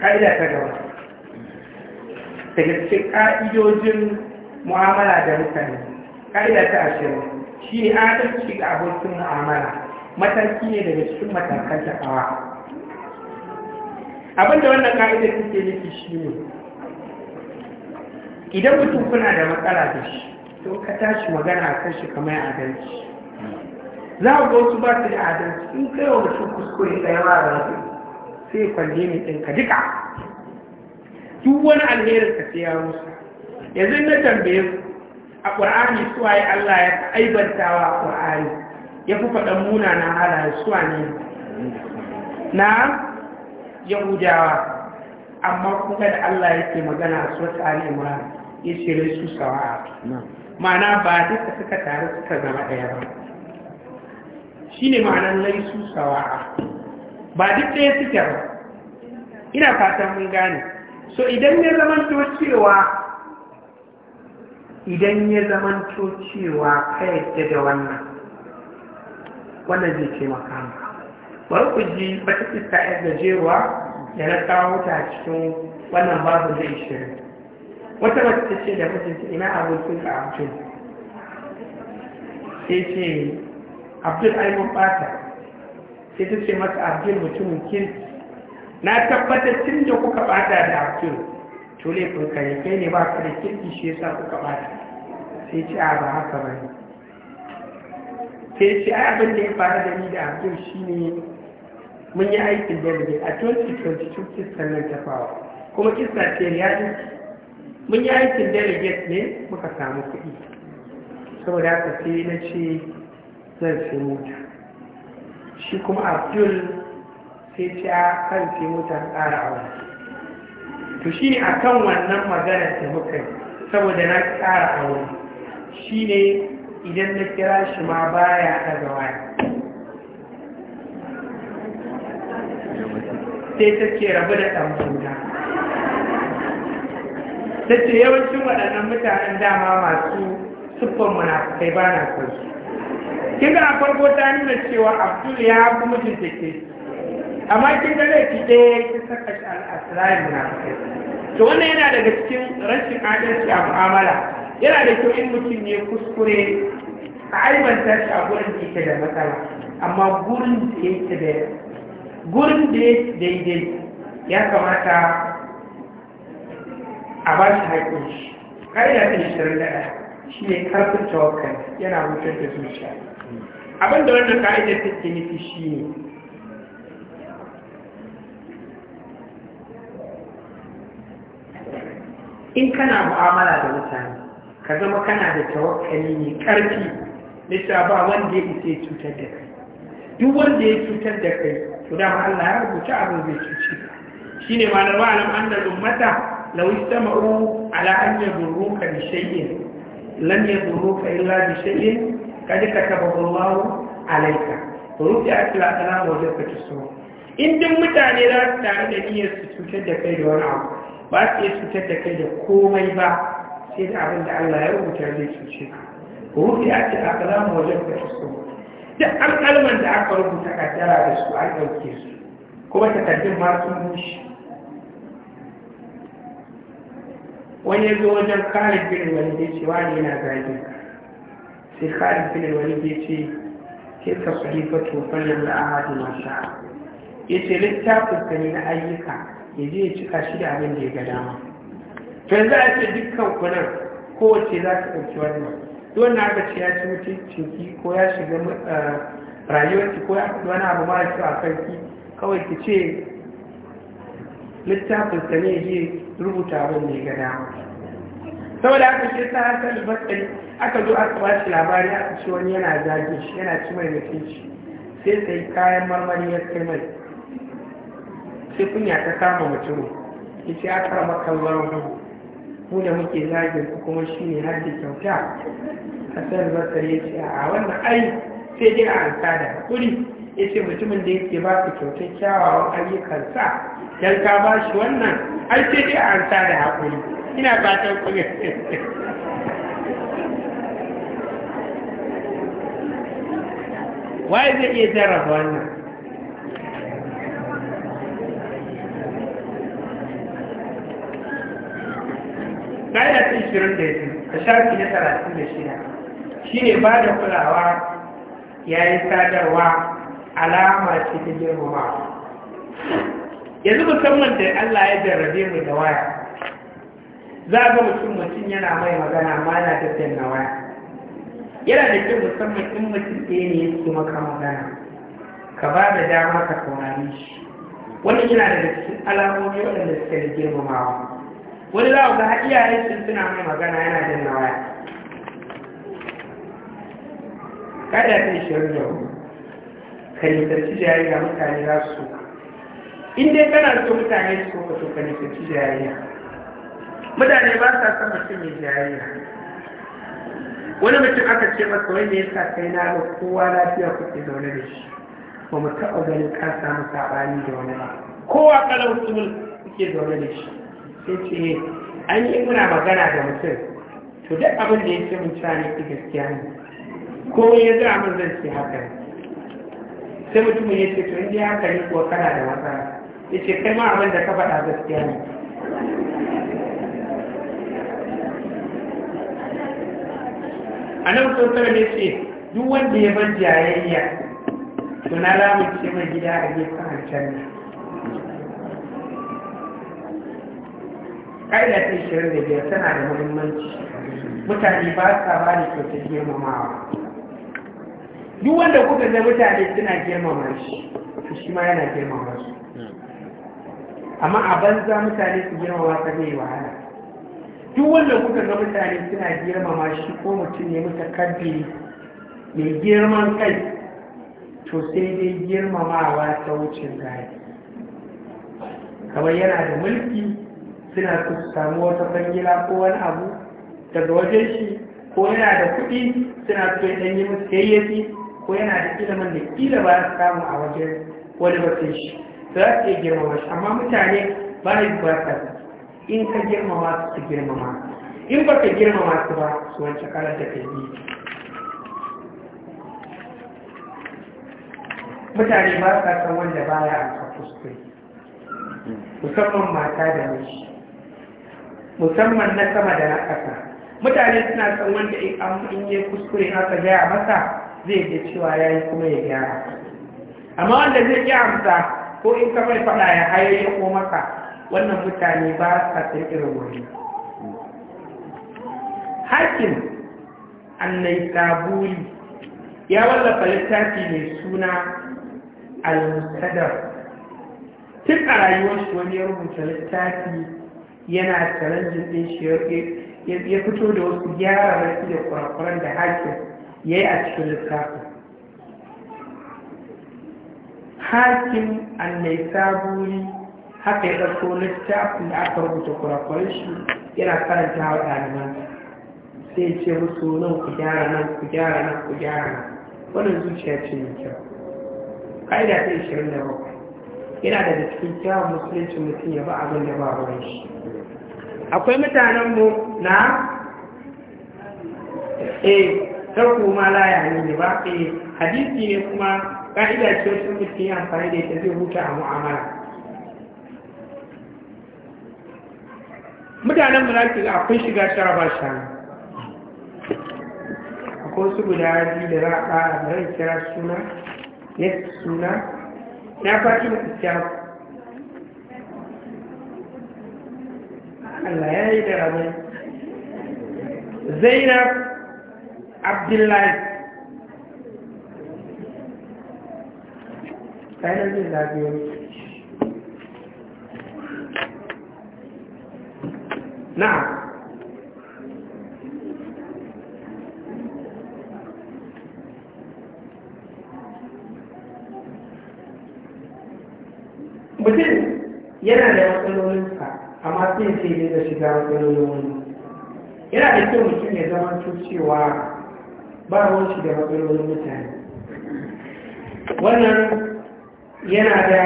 ka'ida ta gaba daga cikin ka'idojin mu'amala da mutane ka'ida ta ashirin shi ne adalci ga abokin mu'amala mataki ne daga cikin matakan Abin da wannan ka'idar take nufi shi ne idan mutum kuna da matsala da shi to ka tashi magana kan shi kamar adalci za a ga wasu ba su da adalci in kai wa mutum kuskure da yawa za su sai kwalle ne ɗinka duka duk wani alherin ka sai ya rusa yanzu na tambaye a ƙur'ani ya Allah ya aibantawa a ƙur'ani ya fi faɗan munanan halaye suwa ne na yahudawa amma kuka da Allah yake magana a surat tsari imran ya ce rai su sawa'a ma'ana ba duka suka taru suka zama ɗaya ba shi ne ma'anar laisu sawa'a ba duk ɗaya suke ba ina fatan mun gane so idan ya zamanto cewa idan ya zamanto cewa kai yadda da wannan wannan zai ce makama. bari ku ji wata fita yar gajeruwa da na kawo ta cikin wannan babu zai ishirin wata mace ta ce da mijinta ina abokin ka abdul sai ce abdul aimun mun bata sai ta ce masa abdul mutumin kin na tabbatar tun da kuka bata da abdul to laifin kai kai ne ba ka da kirki shi yasa kuka bata sai ce a ba haka ba ne sai ce ai abin da ya faru da ni da abdul shine mun yi aikin da a 2022 kistan nan ta kuma kisa ce ya mun yi aikin delegate ne muka samu kuɗi saboda haka sai na ce zan sai mota shi kuma abdul sai ce a kan sai mota ƙara wani to shi ne a kan wannan maganar da muka saboda na ƙara aure shi ne idan na kira shi ma baya ɗaga waya sai ta ce rabu da ɗan ta yawancin waɗannan mutanen dama masu siffar munafukai ba na son kin ga a farko ta nuna cewa abdul ya fi mutunta ke amma kin ga laifi ɗaya ya saka shi al'asirai munafukai to wannan yana daga cikin rashin adalci a mu'amala yana da kyau in mutum ya kuskure a aibanta shi a gurin da yake da matsala amma gurin da yake da gurin da yake daidai ya kamata a ba shi haƙƙin shi ya ta shirin da shi ne karfin tawakkal yana hutar da zuciya abin da wannan ka'idar ta ke nufi shi ne in kana mu'amala da mutane ka zama kana da tawakkali ne ƙarfi nisa ba wanda ya isa ya cutar da kai duk wanda ya cutar da kai to dama Allah ya rubuta abin zai cuce ka shine malam malam annal ummata لو اجتمعوا على أن يضروك بشيء لن يضروك إلا بشيء قد كتبه الله عليك ورفعت الأقلام وجفت السماء in duk mutane za su tare da niyyar su cutar da kai da wani abu ba su iya cutar da kai da komai ba sai da da Allah ya rubuta zai a wajen duk alƙalman da aka rubuta kaddara da su an ɗauke su kuma takardun masu sun bushe wani ya zo wajen kare filin wani ya ce wani yana zagin sai kare filin wani ya ce ke ka khalifa to fannin da ahadu masha ya ce littafin ka ne na ayyuka ya je ya cika shi da abin da ya ga dama to yanzu a ce dukkan kunan kowace za ta ɗauki wannan na aka ce ya ci mutuncinki ko ya shiga eh, rayuwarki ko ya wani abu mara kyau a kanki kawai ki ce littafin ka ne rubuta abin da ya ga dama saboda aka ce ta da matsayi aka zo aka ba shi labari aka ce wani yana zage shi yana ci mai shi sai sai kayan marmari ya kai mai sai kunya ta kama mutum ya ce aka rama wani mu da muke zage ku kuma shi ne da kyauta da matsayi ya ce a wannan ai sai dai a da ya ce mutumin da yake ba su kyautar kyawawan ayyukansa don ka ba shi wannan an ce dai an sa da haƙuri ina fatan kuma waye zai iya jarraba wannan shirin da yake a shafi na 36 shi ne ba da kulawa yayin sadarwa alama ce ta girmama yanzu musamman da Allah ya jarrabe mu da waya za a ga mutum mutum yana mai magana amma yana tafiyan na waya yana da kyau musamman in mutum ɗaya ne ya ce maka magana ka ba da dama ka saurari shi wani yana daga cikin alamomi waɗanda suka yi girmamawa wani za ga iyayen sun suna mai magana yana jin na waya kada ta yi shirin yau ka nisanci jayayya mutane za su soka in dai kana so mutane su soka to ka nisanci jayayya mutane ba sa son mutum ya jariya wani mutum aka ce masa wanda ya sa kai na ga kowa lafiya kuke zaune da shi ba mu taɓa ganin ka samu saɓani da wani ba kowa kalau tumul kuke zaune da shi sai ce eh, an yi muna magana da mutum to duk abin da ya ce mun cewa ne gaskiya ne ko ya zama zan ce haka ne sai mutumin ya ce to in dai haka ne kana da matsala ya ce kai ma abin da ka faɗa gaskiya ne a nan sosai ne ce duk wanda ya bar jayayya to na lamunce mai gida a gefen hancan ne ƙa'ida ta biyar tana da muhimmanci mutane ba sa ba da kyautar girmamawa duk wanda kuka ga mutane suna girmama shi shi ma yana girmama su amma a banza mutane su girmama ta zai wahala duk wanda kuka ga mutane suna girmama shi ko mutum ne mutakabbi mai girman kai to sai dai girmamawa ta wucin gaya kamar yana da mulki suna su samu wata bangila ko wani abu daga wajen shi ko yana da kuɗi suna so ya yi musu yayyafi ko yana da ilimin da kila ba su samu a wajen wani mutum shi za su iya girmama shi amma mutane ba ne ba sa in ka girmama su su girmama in ba ka girmama su ba su wancan kala da ka yi mutane ba sa san wanda ba ya amsa kuskure musamman mata da mashi musamman na sama da na ƙasa mutane suna san wanda in yi kuskure haka gaya masa zai ga cewa ya yi kuma ya gyara amma wanda zai ƙi amsa ko in ka mai faɗa ya hayayyar ko maka wannan mutane ba sa san irin Hakin, annai ya wallafa littafi mai suna al-mustadar tun a rayuwar shi wani ya rubuta littafi yana challenging din shi ya fito da wasu gyara rasu da kurakuran da hakkin ya a cikin littafin hakim annai saburi haka ya ɗauko littafin da aka rubuta kurakurai shi yana karanta wa ɗaliban sai ce musu nan ku gyara nan ku gyara nan ku gyara nan wannan zuciya ce mai kyau ƙa'ida ta ishirin da bakwai yana daga cikin kyawun musulunci mutum ya ba abin da ba ruwan shi akwai mutanenmu na eh tarko ma la ya ne ba ke eh, hadisi ne kuma ka'ida ce sun mutum yi amfani da ita zai huta a mu'amala mutanen mu zaki ga akwai shiga sharaba shanu akwai su guda biyu da za a ɗara da rai kira suna ne suna na faɗi mu iskiya Allah ya yi da rabai Zainab abdullahi kayan zai zafi wani na'am mutum yana da matsalolinsa amma sai sai da shiga matsalolin wani yana da kyau mutum ya zama cewa ba wanci da matsalolin mutane wannan yana da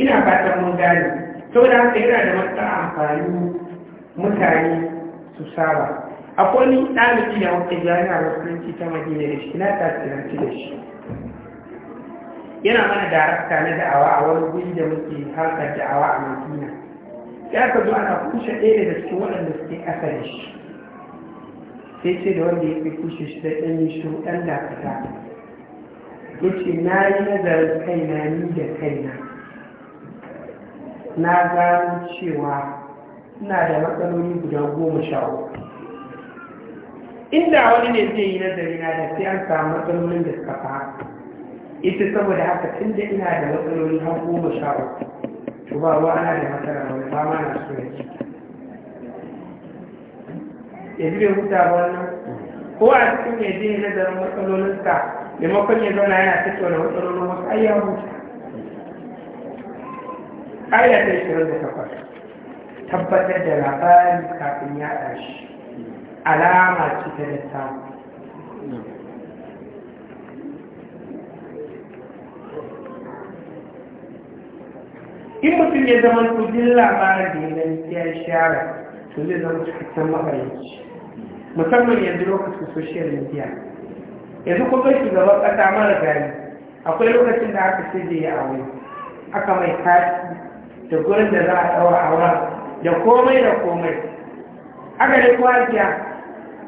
ina fatan mun gani da haka yana da matsala amfani mutane su saba akwai wani ɗalibi da wata wasu musulunci ta madina da shi na tasiranci da shi yana mana darakta na da'awa a wani guri da muke harkar da'awa a madina ya ka zo ana kushe ɗaya daga cikin waɗanda suke ƙasa da shi sai ce da wanda ya fi kushe shi da ɗan yi shi ɗan dakata ya ce na yi nazarin kaina ni da kaina na gano cewa ina da matsaloli guda goma sha uku inda wani ne zai yi nazari na da sai an samu matsalolin da suka fa ita saboda haka tun da ina da matsaloli har goma sha uku kuma ruwa ana da matsala wani ba na so ya ya ji bai huta ba wannan ko a cikin ya je nazarin matsalolinsa maimakon ya zauna yana tattauna matsalolin wasu ayyawa huta ayyawa ta ishirin da takwas tabbatar da labari kafin ya shi alama ce ta littafi in mutum ya zama kudin labarin da ya ya shara to zai zama cikakken mahaici musamman yanzu lokacin social media yanzu kuma shugaban ƙasa mara gari akwai lokacin da aka ce da ya aure aka mai kati da gurin da za a a auren da komai da komai aka da kwanciya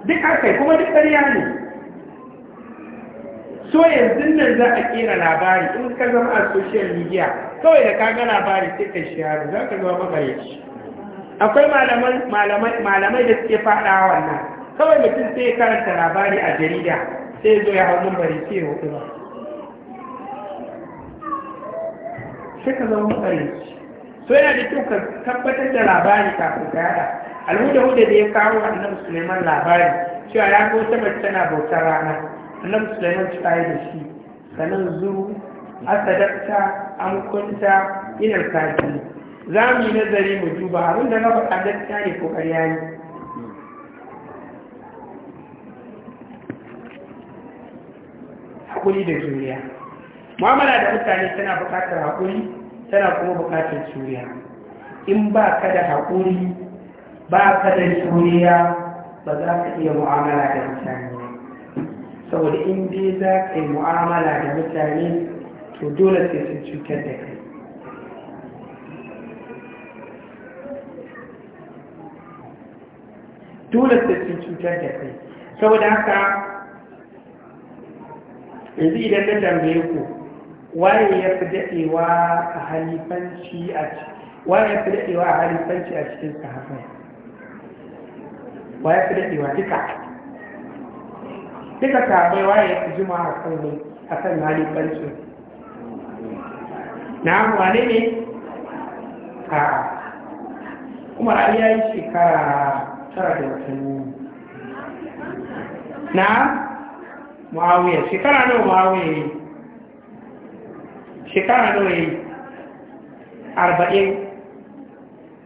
duk aka yi kuma duk ƙarya ne so yanzu nan za a kera labari in ka zama a social media kawai da kaga labari sai ka shahara za ka zama mabayyaci akwai malamai da suke faɗa wannan kawai mutum sai karanta labari a jarida sai zo ya hau mumbari sai hudu ba sai ka zama mabayyaci so yana da kyau ka tabbatar da labari kafin ka yada alhuda huda da ya kawo annabi suleiman labari cewa ya ga wata mace tana bautar rana annabi suleiman ta yi da shi sanan zuru asadakta an kunta inar sati za mu yi nazari mu duba abin da na faɗa gaskiya ne ko ƙarya ne haƙuri da juriya mu'amala da mutane tana buƙatar haƙuri tana kuma buƙatar juriya in ba ka da haƙuri ba ka da juriya ba za ka iya mu'amala da mutane saboda in dai za ka yi mu'amala da mutane to dole sai sun cutar da kai dole sai sun cutar da kai saboda haka yanzu idan na tambaye ku waye ya fi daɗewa a halifanci a waye ya fi daɗewa a halifanci a cikin sahabai waye fi daɗewa duka duka sahabai waye ya fi jima a kan halifancin Na'am, wane ne a umar ali ya yi shekara tara da watanni na muawiya shekara nawa muawiya yi shekara nawa yi arba'in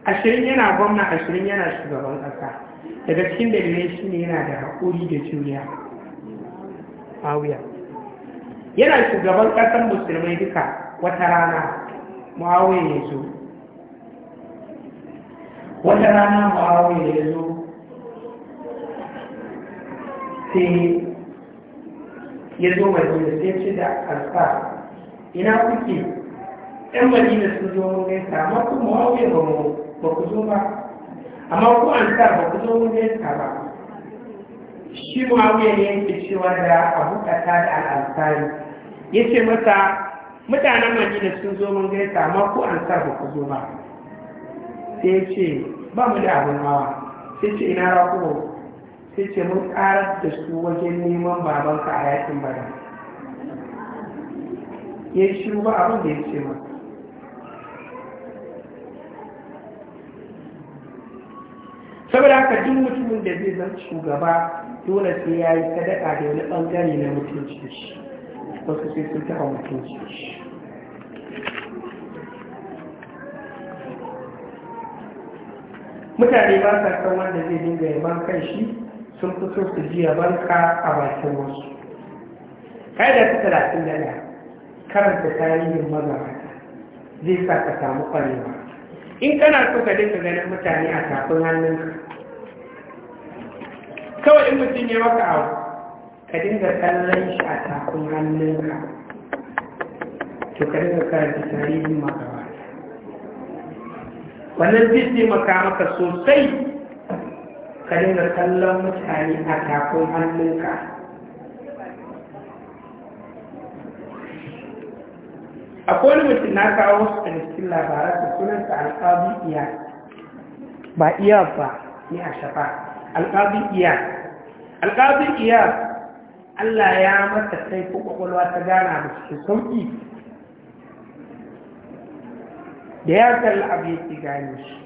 ashirin yana gwamna ashirin yana shugaban ƙasa daga cikin dalilai shi ne yana da haƙuri da juriya muawiya yana shugaban ƙasar musulmai duka wata rana muawiya ya zo wata rana muawiya ya zo sai ya zo madina sai ce da alfa ina kuke ɗan madina sun zo mun gaisa amma ku muawiya ba mu ba ku zo ba amma ku ansar ba ku zo mun gaisa ba shi muawiya ne yake cewa da abu ta da al'ansari ya ce masa mutanen madina sun zo mun gaisa amma ko an sa ba ku zo ba sai ce ba mu da abin hawa sai ce ina raƙo sai ce mun ƙarar da su wajen neman ka a yakin bada ya shi ba abin da ya ce ma saboda haka duk mutumin da zai zan shugaba dole sai ya yi sadaka da wani ɓangare na mutunci shi wasu sai mutane ba sa san wanda zai dinga yaban kan shi sun fi so su ji ka a bakin wasu ƙa'ida ta talatin da ɗaya karanta tarihin maza zai sa ka samu ƙwarewa in kana so ka dinga ganin mutane a tafin hannunka kawai in mutum ya maka abu ka dinga kallon shi a takun hannunka to ka dinga karanta tarihin magawa wannan jirgin makamaka maka sosai ka dinga kallon mutane a takun hannunka a wani mutum na kawo wasu da cikin labarai da sunanta alƙabi iya ba iya ba a shafa alƙabi iya alƙabi iya Allah ya mata sai ko kwakwalwa ta gana da cikin sauƙi da ya kalli abu ke gane shi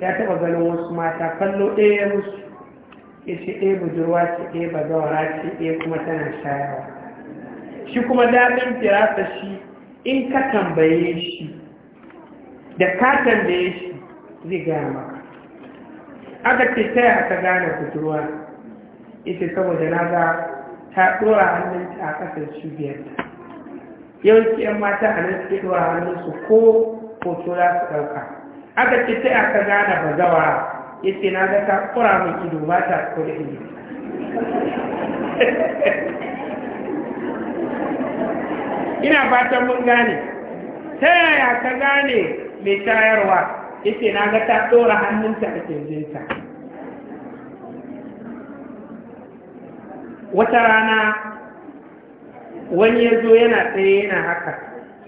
ya taɓa ganin wasu mata kallo ɗaya ya musu ya ce ɗaya eh, budurwa ce ɗaya eh, bazawara ce ɗaya eh, kuma tana shayarwa shi kuma daɗin firasa shi in ka tambaye shi da ka tambaye shi zai gaya maka aka ce ta yi aka gane budurwa ita saboda na ga ta ɗora hannunta a ƙasar cibiyar yawanci 'yan mata a nan suke ɗora hannunsu ko hoto za su ɗauka aka ce ta aka gane ba zawa ya ce na ga ta ƙora min ido ba ta ƙura ido ina fatan mun gane ta yaya ka gane mai tayarwa ya ce na ga ta ɗora hannunta a kirjinta wata rana wani ya zo yana tsaye yana haka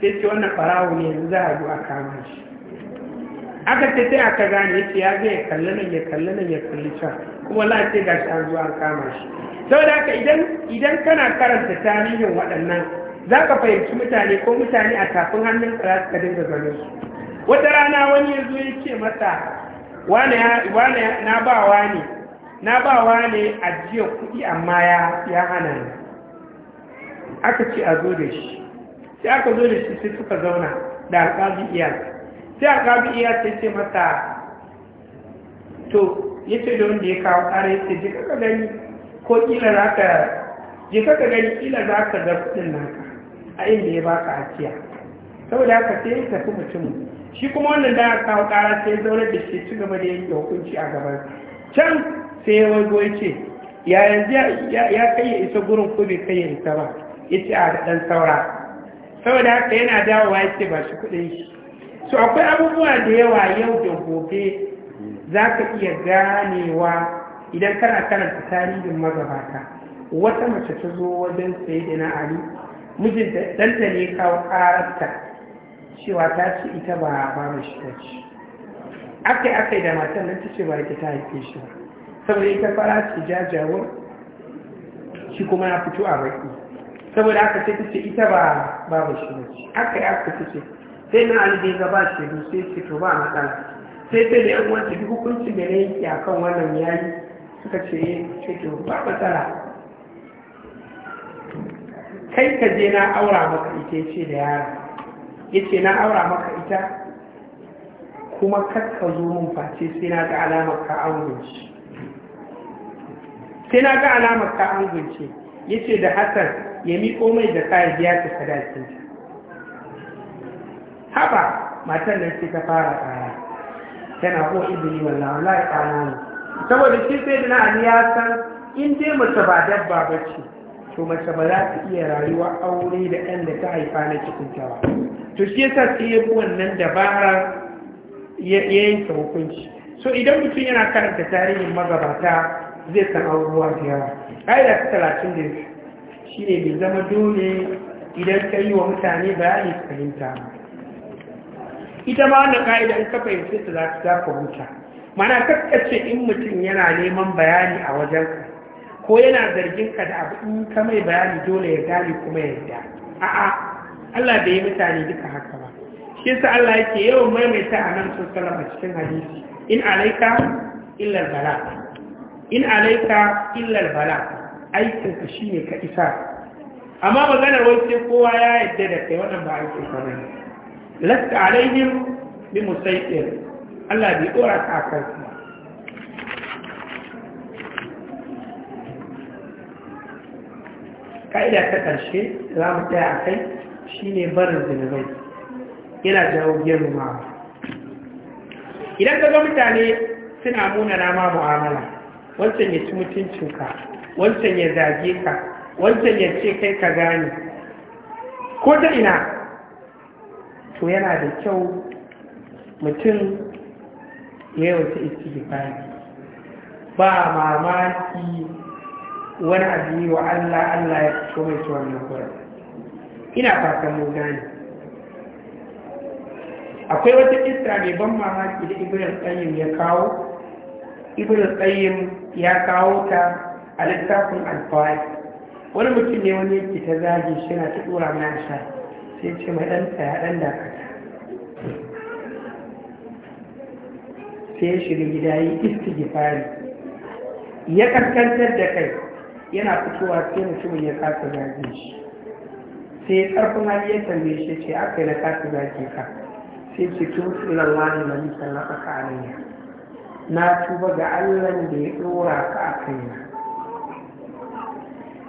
sai ce wannan farawo ne yanzu za a zo a kama shi aka ce sai aka gane ce ya zo ya kalli nan ya kalli nan ya kalli can kuma la ce shi an zo an kama shi saboda haka idan idan kana karanta tarihin waɗannan za ka fahimci mutane ko mutane a tafin hannun za ka dinga ganin su wata rana wani ya zo ya ce masa wane na ba ne na ba wa ne ajiyar kuɗi amma ya hana ne aka ce a zo da shi sai aka zo da shi sai suka zauna da alƙazi iyas sai alƙazi iyas sai ce mata, to ya ce da wanda ya kawo ƙara ya ce jika ka gani ko ila za ka jika ka gani za ka naka a inda ya baka ajiya saboda haka sai ya tafi mutum. shi kuma wannan da aka kawo ƙara sai ya zaune da shi ci gaba da yanke hukunci a gaban can sai ya waigo ya ce ya yanzu ya kai isa gurin ko bai kai ya ba ya ce a ɗan saura saboda haka yana dawowa ya ce ba shi kudin shi so akwai abubuwa da yawa yau da gobe za ka iya ganewa idan kana karanta tarihin magabata wata mace ta zo wajen sayi na ali mijinta ɗanta kawo karasta cewa ta ce ita ba ba mashi ta ce akai akai da matan nan ta ce ba ita ta haife shi ba saboda ita fara ce jajawar shi kuma ya fito a baki saboda aka ce ta ce ita ba ba ba shi ne aka yi aka ce sai na alibi ga ba shi ne sai ce to ba matsala sai ta da yan wanda duk hukunci da na yanki a kan wannan yayi suka ce ce eh, to ba matsala kai ka je na aura maka ita ya ce da yara ya ce na aura maka ita kuma kakka zo mun face sai na ga alamar ka aure shi sai na ga alamar ka an gunce ya ce da hassan ya miƙo mai da kayan biya ta sadakin haba matan da sai ta fara ƙara tana ko oh, izini wallah wallahi ƙana ne saboda shi sai da na'ani ya san in dai mace ba dabba ba ce to mace ba za ta iya rayuwa aure da ɗan da ta haifa na cikin ta ba to shi yasa sai ya bi wannan dabara ya yanke hukunci so idan mutum yana karanta tarihin magabata zai san abubuwa da yawa ƙa'ida ta talatin da shi ne bai zama dole idan ka yi wa mutane bayani su fahimta ita ma wannan ƙa'ida in ka fahimci ta za ku huta mana kakkace in mutum yana neman bayani a wajenka ko yana zargin ka da abu in ka mai bayani dole ya gane kuma ya yarda a'a Allah bai yi mutane duka haka ba shi yasa Allah yake yawan maimaita a nan sallallahu a cikin hadisi in alaika illa bala in alaika illar bala aikinka shi ne ka isa amma maganar wai kowa ya yadda da kai wannan ba aikin ka bane lasta alaihim bi musaitir Allah bai dora ka akan su ka'ida ta ƙarshe za mu tsaya a kai shi ne barin zinubai yana jawo ma idan ka ga mutane suna muna nama mu'amala wancan ya ci mutuncinka wancan ya zage ka wancan ya ce kai ka gane ko ta ina to yana da kyau mutum ya yi wata istighfari ba mamaki wani abu yi wa Allah Allah ya fito mai ci wannan kuwa ina fatan mu gane akwai wata isra mai ban mamaki da ibrahim ɗanyin ya kawo ibn al-qayyim ya kawo ta a littafin al-fawaid wani mutum ne wani yake ta zagi shi na ta dora mana sha sai ce mai dan tsaya dan dakata sai ya shiga gida yi istighfari ya karkantar da kai yana fitowa sai mutumin ya kasa zagi shi sai karfin hali ya tambaye shi ce aka yi na kasa zagi ka sai ce tun sunan wani na nisan na tsakanin ya na tuba ga allon da ya ɗora ka a kaina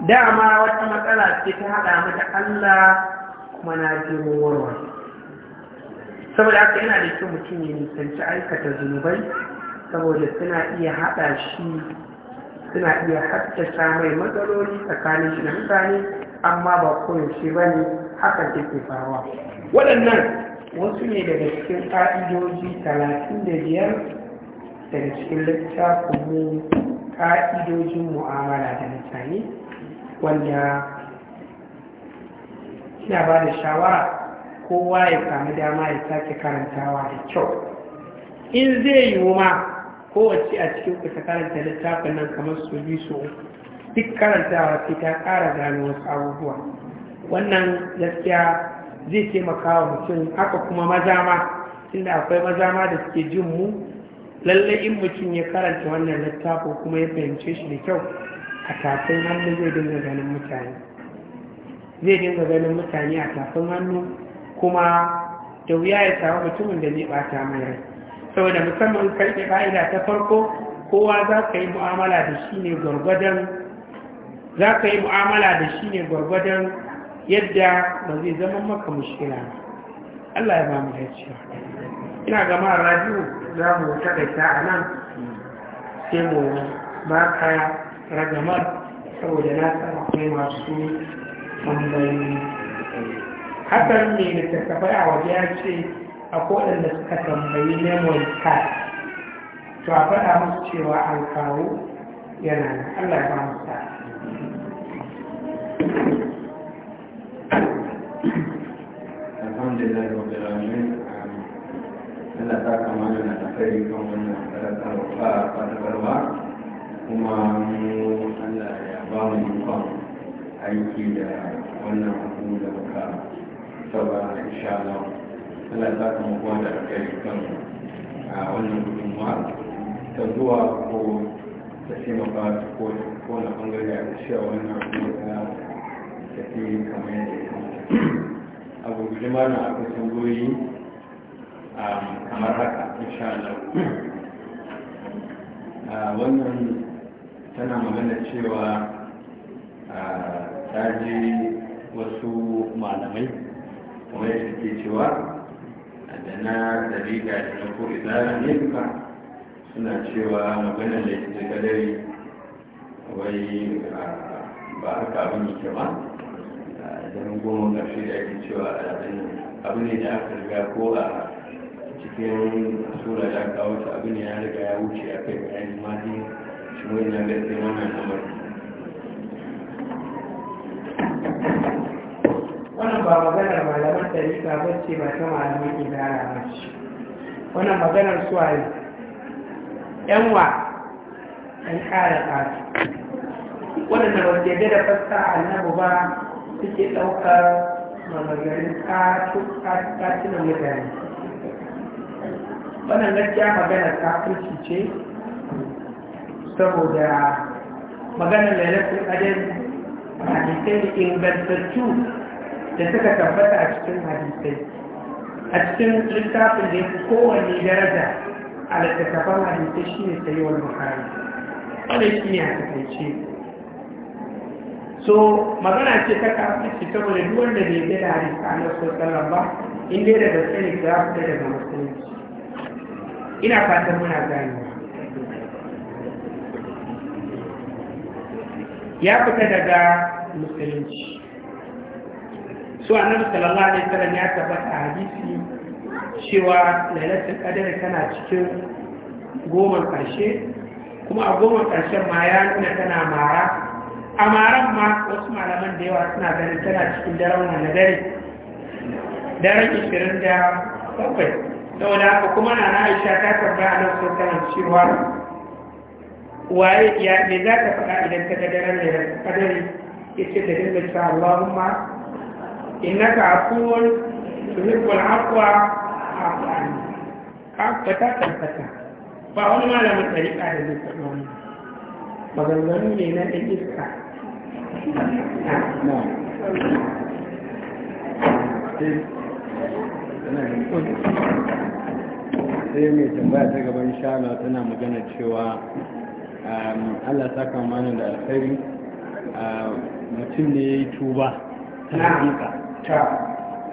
dama wata matsala ce ta haɗa mata allah kuma na je mun saboda aka yana da ke mutum ya nisanci aikata zunubai saboda suna iya haɗa shi suna iya haddasa mai matsaloli tsakanin shi da mutane amma ba koyaushe ba ne hakan take faruwa waɗannan wasu ne daga cikin ƙa'idoji talatin da biyar daga cikin littafin mu ka'idojin mu'amala da mutane wanda ina ba da shawara kowa ya sami dama ya sake karantawa da kyau in zai yi ma kowace a cikin kusa karanta littafin nan kamar su bi su duk karantawa sai ta ƙara gano wasu abubuwa wannan gaskiya zai taimaka wa mutum haka kuma maza ma tunda akwai maza ma da suke jin mu lallai in mutum ya karanta wannan littafin kuma ya fahimce shi da kyau a tafin hannu zai dinga ganin mutane zai dinga ganin mutane a tafin hannu kuma da wuya ya samu mutumin da zai bata mai rai saboda musamman karfe ka'ida ta farko kowa za ka yi mu'amala da shi ne gwargwadon yadda ba zai zama maka mushkila Allah ya ba mu dacewa ina ga ma rajiyu za mu taɗaita a nan sai mu ba ka ragamar saboda na san akwai masu tambayi hakan ne da littattafai a waje ya ce a waɗanda suka tambayi memory card to a faɗa musu cewa an kawo yana nan allah ba mu sa الحمد لله رب Allah ta kama da alkhairi kan wannan fadakarwa kuma mu Allah ya ba mu ikon aiki da wannan abu da muka saba insha Allah Allah ta kama kuma da alkhairi kan wannan gudunmawa ta zuwa ko ta taimaka ko na bangare a cewa wannan abu ta tafi kamar yadda ya kamata abu gudunmawa na akwai tambayoyi Um, kamar haka insha Allah uh, wannan tana magana cewa uh, ta je wasu malamai kuma yadda ke cewa da na dariga da na kuri ne suna cewa magana da ya dare wai uh, ba haka abin ke ba idan goma ƙarshe da ake cewa abin ne da aka riga ko a cikin sura ya kawo ta abin ya riga ya wuce a kai bayani ma dai shi wani na gaske wannan lamari wannan ba maganar malaman tarika ba ce ba ta malamin idara ba ce wannan maganar suwaye yan wa an ƙara ƙasa waɗanda ba ke yarda da fasta annabu ba suke ɗaukar mamagarin katunan mutane wannan gaskiya magana kirki ce saboda maganar lailatul adal hadisai ingantattu da suka tabbata a cikin hadisai a cikin littafin da yake kowane daraja a littattafan hadisai shine bukari bukhari shi ne a takaice so magana ce ta kafirci saboda duk wanda bai da hadisi a nan sallallahu ba inda dai da gaske ne za ga daga musulunci ina fatan muna gani ya fita daga musulunci su annabi sallallahu alaihi wasallam ya tabbata a hadisi cewa lailatul qadr tana cikin goma karshe kuma a goma karshen ma ya nuna tana mara a maran ma wasu malaman da yawa suna ganin tana cikin daren wani dare daren 27 saboda haka kuma na na aisha ta tambaya a nan sosanan cewa waye ya me za ta faɗa idan ta ga daren da kadari ya ce da dinga cewa Allahumma innaka afuwun tuhibbul afwa afwan ka ka ta tabbata ba wani malamin tsarika da zai faɗa wani maganganu ne na ɗan iska Thank eh. you. sai mai tambaya ta gaban sha'ala tana magana cewa um, allah ta kama da alkhairi uh, mutum ne ya yi tuba tana hanka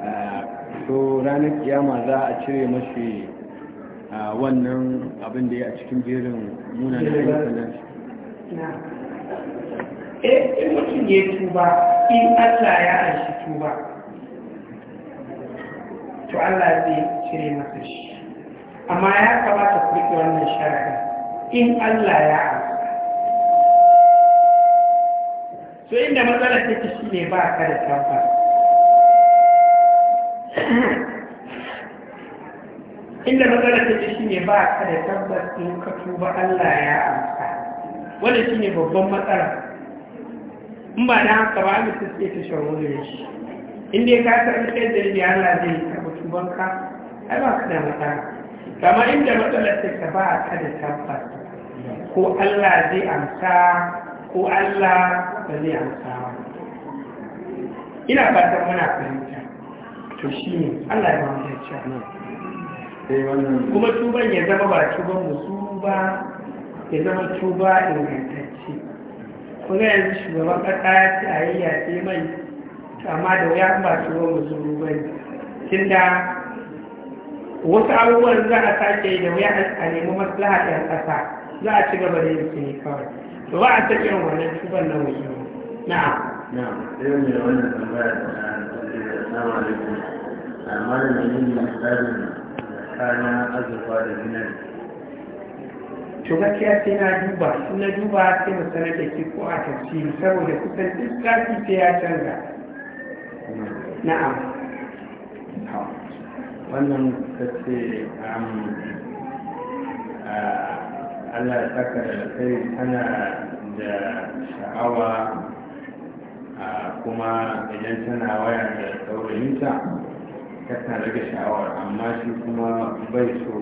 uh, so ranar kiyama za a cire mashi uh, wannan abin da ya a cikin jerin munan ayyukan nan eh mutum ya tuba in allah ya anshi tuba to Allah zai cire masa shi amma ya kamata ku riƙe wannan sharaɗin in Allah ya amsa so inda matsalar ta shi ne ba ka da tabbas inda matsalar take shi ne ba ka da tabbas in ka tuba Allah ya amsa wanda shi ne babban matsala in ba na haka ba a mutum sai ta shawo da shi in dai Allah zai yi ubanka ai ba ka da matsala kamar inda matsalar ta ba a kada tabbas ko Allah zai amsa ko Allah ba zai amsa ba ina fatan muna fahimta to shi ne Allah ya ba mu eh, kuma tuban ya zama ba tuban musu ba ya zama tuba ingantacce kuma yanzu shugaban ƙasa ya ce a yi yaƙe mai amma da wuya ba tuban musu ba ne tunda wasu abubuwan za a sake da wuya a nemi maslaha ɗan ƙasa za a ci gaba da yin su ne kawai to ba a sake yin wannan tuban na wuyi na'am na'am sai mai wannan tambaya da assalamu alaikum amma da menene misalin kana azurfa da zinari to gaskiya sai na duba in na duba sai mu sanar da ke ko a tafsiri saboda kusan duk sai ya canza na'am wannan ta ce allah ya saka da kai tana da sha'awa kuma idan tana waya da saurayinta takan rage sha'awar amma shi kuma bai so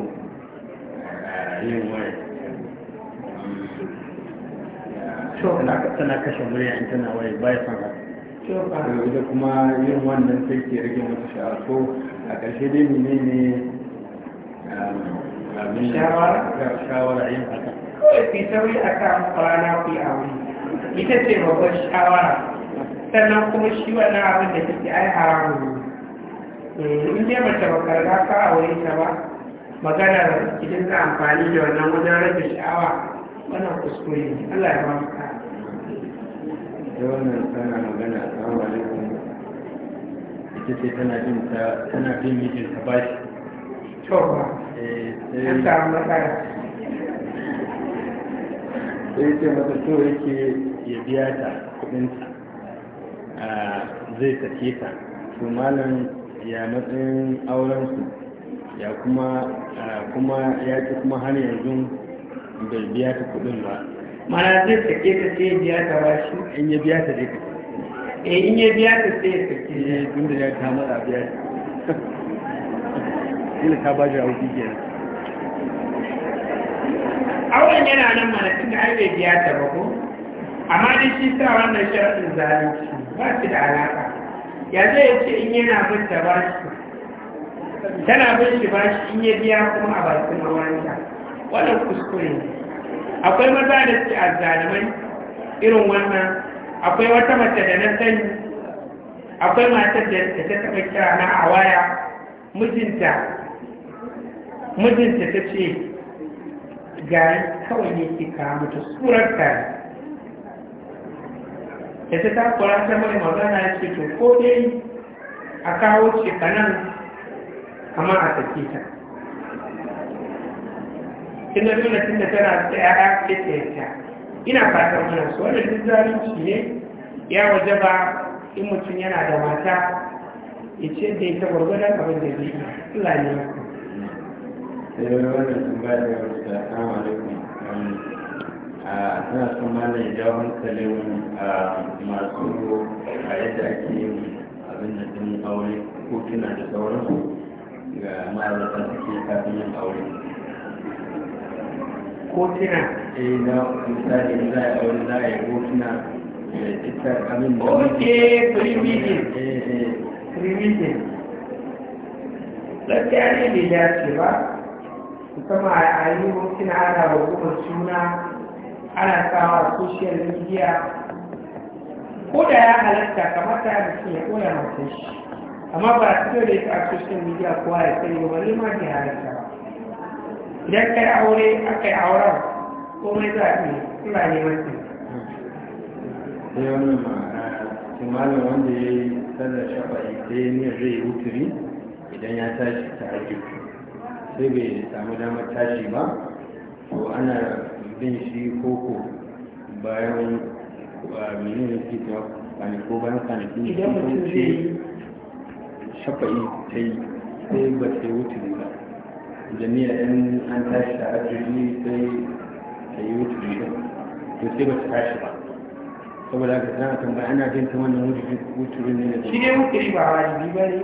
yin waya tana kashe murya in tana waya bai son haka da kuma yin wannan sai ke rage mata sha'ato a ƙarshe dai ne ah, ne shawara shawara yin haka kawai fi sauri a kan kwana ku wuri, ita ce babbar shawara sannan kuma shi wannan abin da take ai haramu ne eh, in dai mace ba karga ka aure ta ba maganar idan za amfani da wannan wajen rage sha'awa wannan kuskure Allah ya ba mu sai wannan tana magana assalamu alaikum ita ce tana jin ta tana jin mijin ta bashi shi eh, sai ta ce mata so yake ya biya ta kudinta zai sake ta to malam ya matsayin aurensu ya kuma kuma ya ce kuma har yanzu bai biya ta kudin ba mana zai sake ta sai biya ta bashi in ya biya ta dai e in ya biya ta sai ya sake ya eh, tun da ya ta mara biya ta ila ta ba shi a wuki kenan auren yana nan mana tun da ai bai biya ta ba ko amma dai shi sa wannan sharɗin zalunci ba shi da alaƙa ya zai ya ce in yana bin ta bashi tana bin shi bashi in ya biya kuma a bakin aurenta wannan kuskure ne akwai maza da suke azzalimai irin wannan akwai wata mace da na sani akwai matar da ta taɓa kira na a waya mijinta mijinta ta ce gari kawai ne ke kawo mutu tsurar tare da ta takura ta mai magana ya ce to ko dai a kawo ce kanan kamar a tafi ta kin da nuna tun da tana da ya'ya ke tsayarta ina fatan muna su wanda duk zalunci ne ya waje ba in mutum yana da mata ya ce da ita gwargwadon abin da zai Allah ne ya ku. Sai eh, wannan tambaya da wasu assalamu alaikum. Tana son malam ya hankalin masu a yadda ake yin abin da sun aure ko kina da sauransu ga ma'auratan suke kafin yin aure. a yi eh, na misali za a wani za a yi hotuna eh, ita abin da oke primitin primitin gaskiya ne bai dace ba musamman a yi hotuna ana rubuta suna ana sawa social media ko da ya halatta kamar ta da shi ya koya mata shi amma ba a cikin da ya ita a social media kowa ya sani ba ne ma ke halatta idan kai aure aka yi auren komai za a yi suna neman su sai wani ma'ana kimanin wanda ya yi sallar shafa'i sai ne zai wuturi idan ya tashi ta aiki sai bai samu damar tashi ba ko ana bin shi koko bayan ne ke ta wani ko bayan kwanaki ko ce shafa yi ta yi sai ba sai yi wuturi ba جميع أن أشعر جديدي أيوت بيهم يتبع عشرة قبل أن أتنا أتنا أنا جنت وانا وجد وجد من الناس شيء يمكن يبقى على جديباني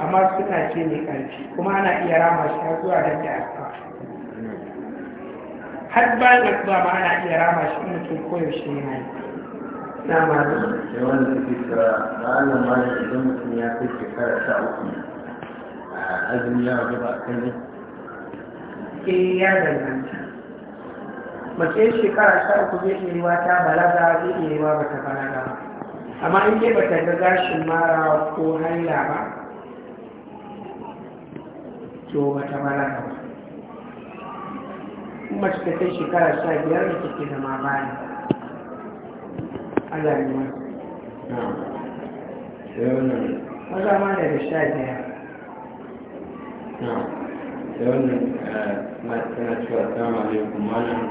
أما سكتا شيء نكالشي كما أنا إيارا ما شاهدوا على جاء أسفا حد بعد أسفا ما أنا إيارا نعم. ما شاهدوا على جاء أسفا نعم أعلم أنا ما لك دمت من يأكل في كارا شعوكي أزم الله وجبا أكلم eh ya danganta mace shekara sha uku zai iya yiwa ta balaga zai iya yiwa ba ta balaga ba amma in dai ba ta ga gashin mara ko haila ba to ba ta balaga ba mace ta kai shekara sha biyar da take zama bayan Allah ne wani. Maza ma da sha biyar. da wannan masu tana cewa assalamu alaikum malam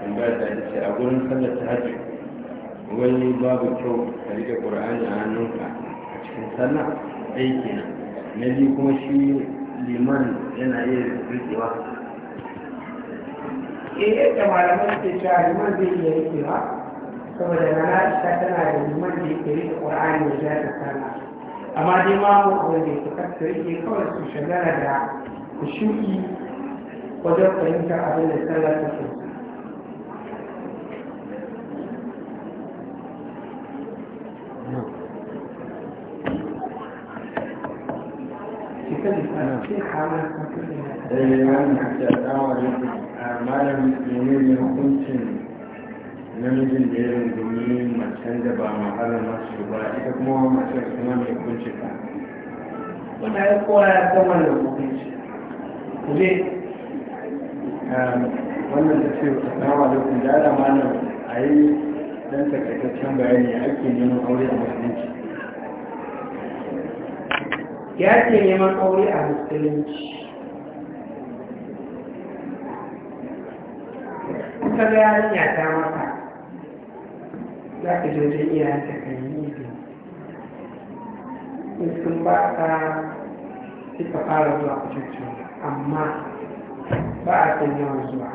tambaya ta ce a gurin sallar ta hajji wani babu kyau ka rike qur'ani a hannunka a cikin sallah ɗaya kenan na biyu kuma shi liman yana iya rikewa eh yadda malaman ke cewa liman zai iya rikewa saboda na aisha tana da liman da yake rike qur'ani ya ja ta sallah amma dai ma mu abin da yake kasta yake kawai su shagara da kushuki wajen fahimta abin da sallah take malam ne ne hukuncin namijin da ya rungumi macen da ba mahalama su ba ita kuma macen kuma mai hukunci ta. Wanda ya kowa ya kama da hukunci. kuje eh, wannan da ce assalamu alaikum da ana mana a yi dan takaitaccen bayani ake neman aure a musulunci ya ce neman aure a musulunci ka ga yarinya ta maka za ka je wajen ta kan yi ido in sun ba ka sai ka fara zuwa kucin amma ba a san yawan zuwa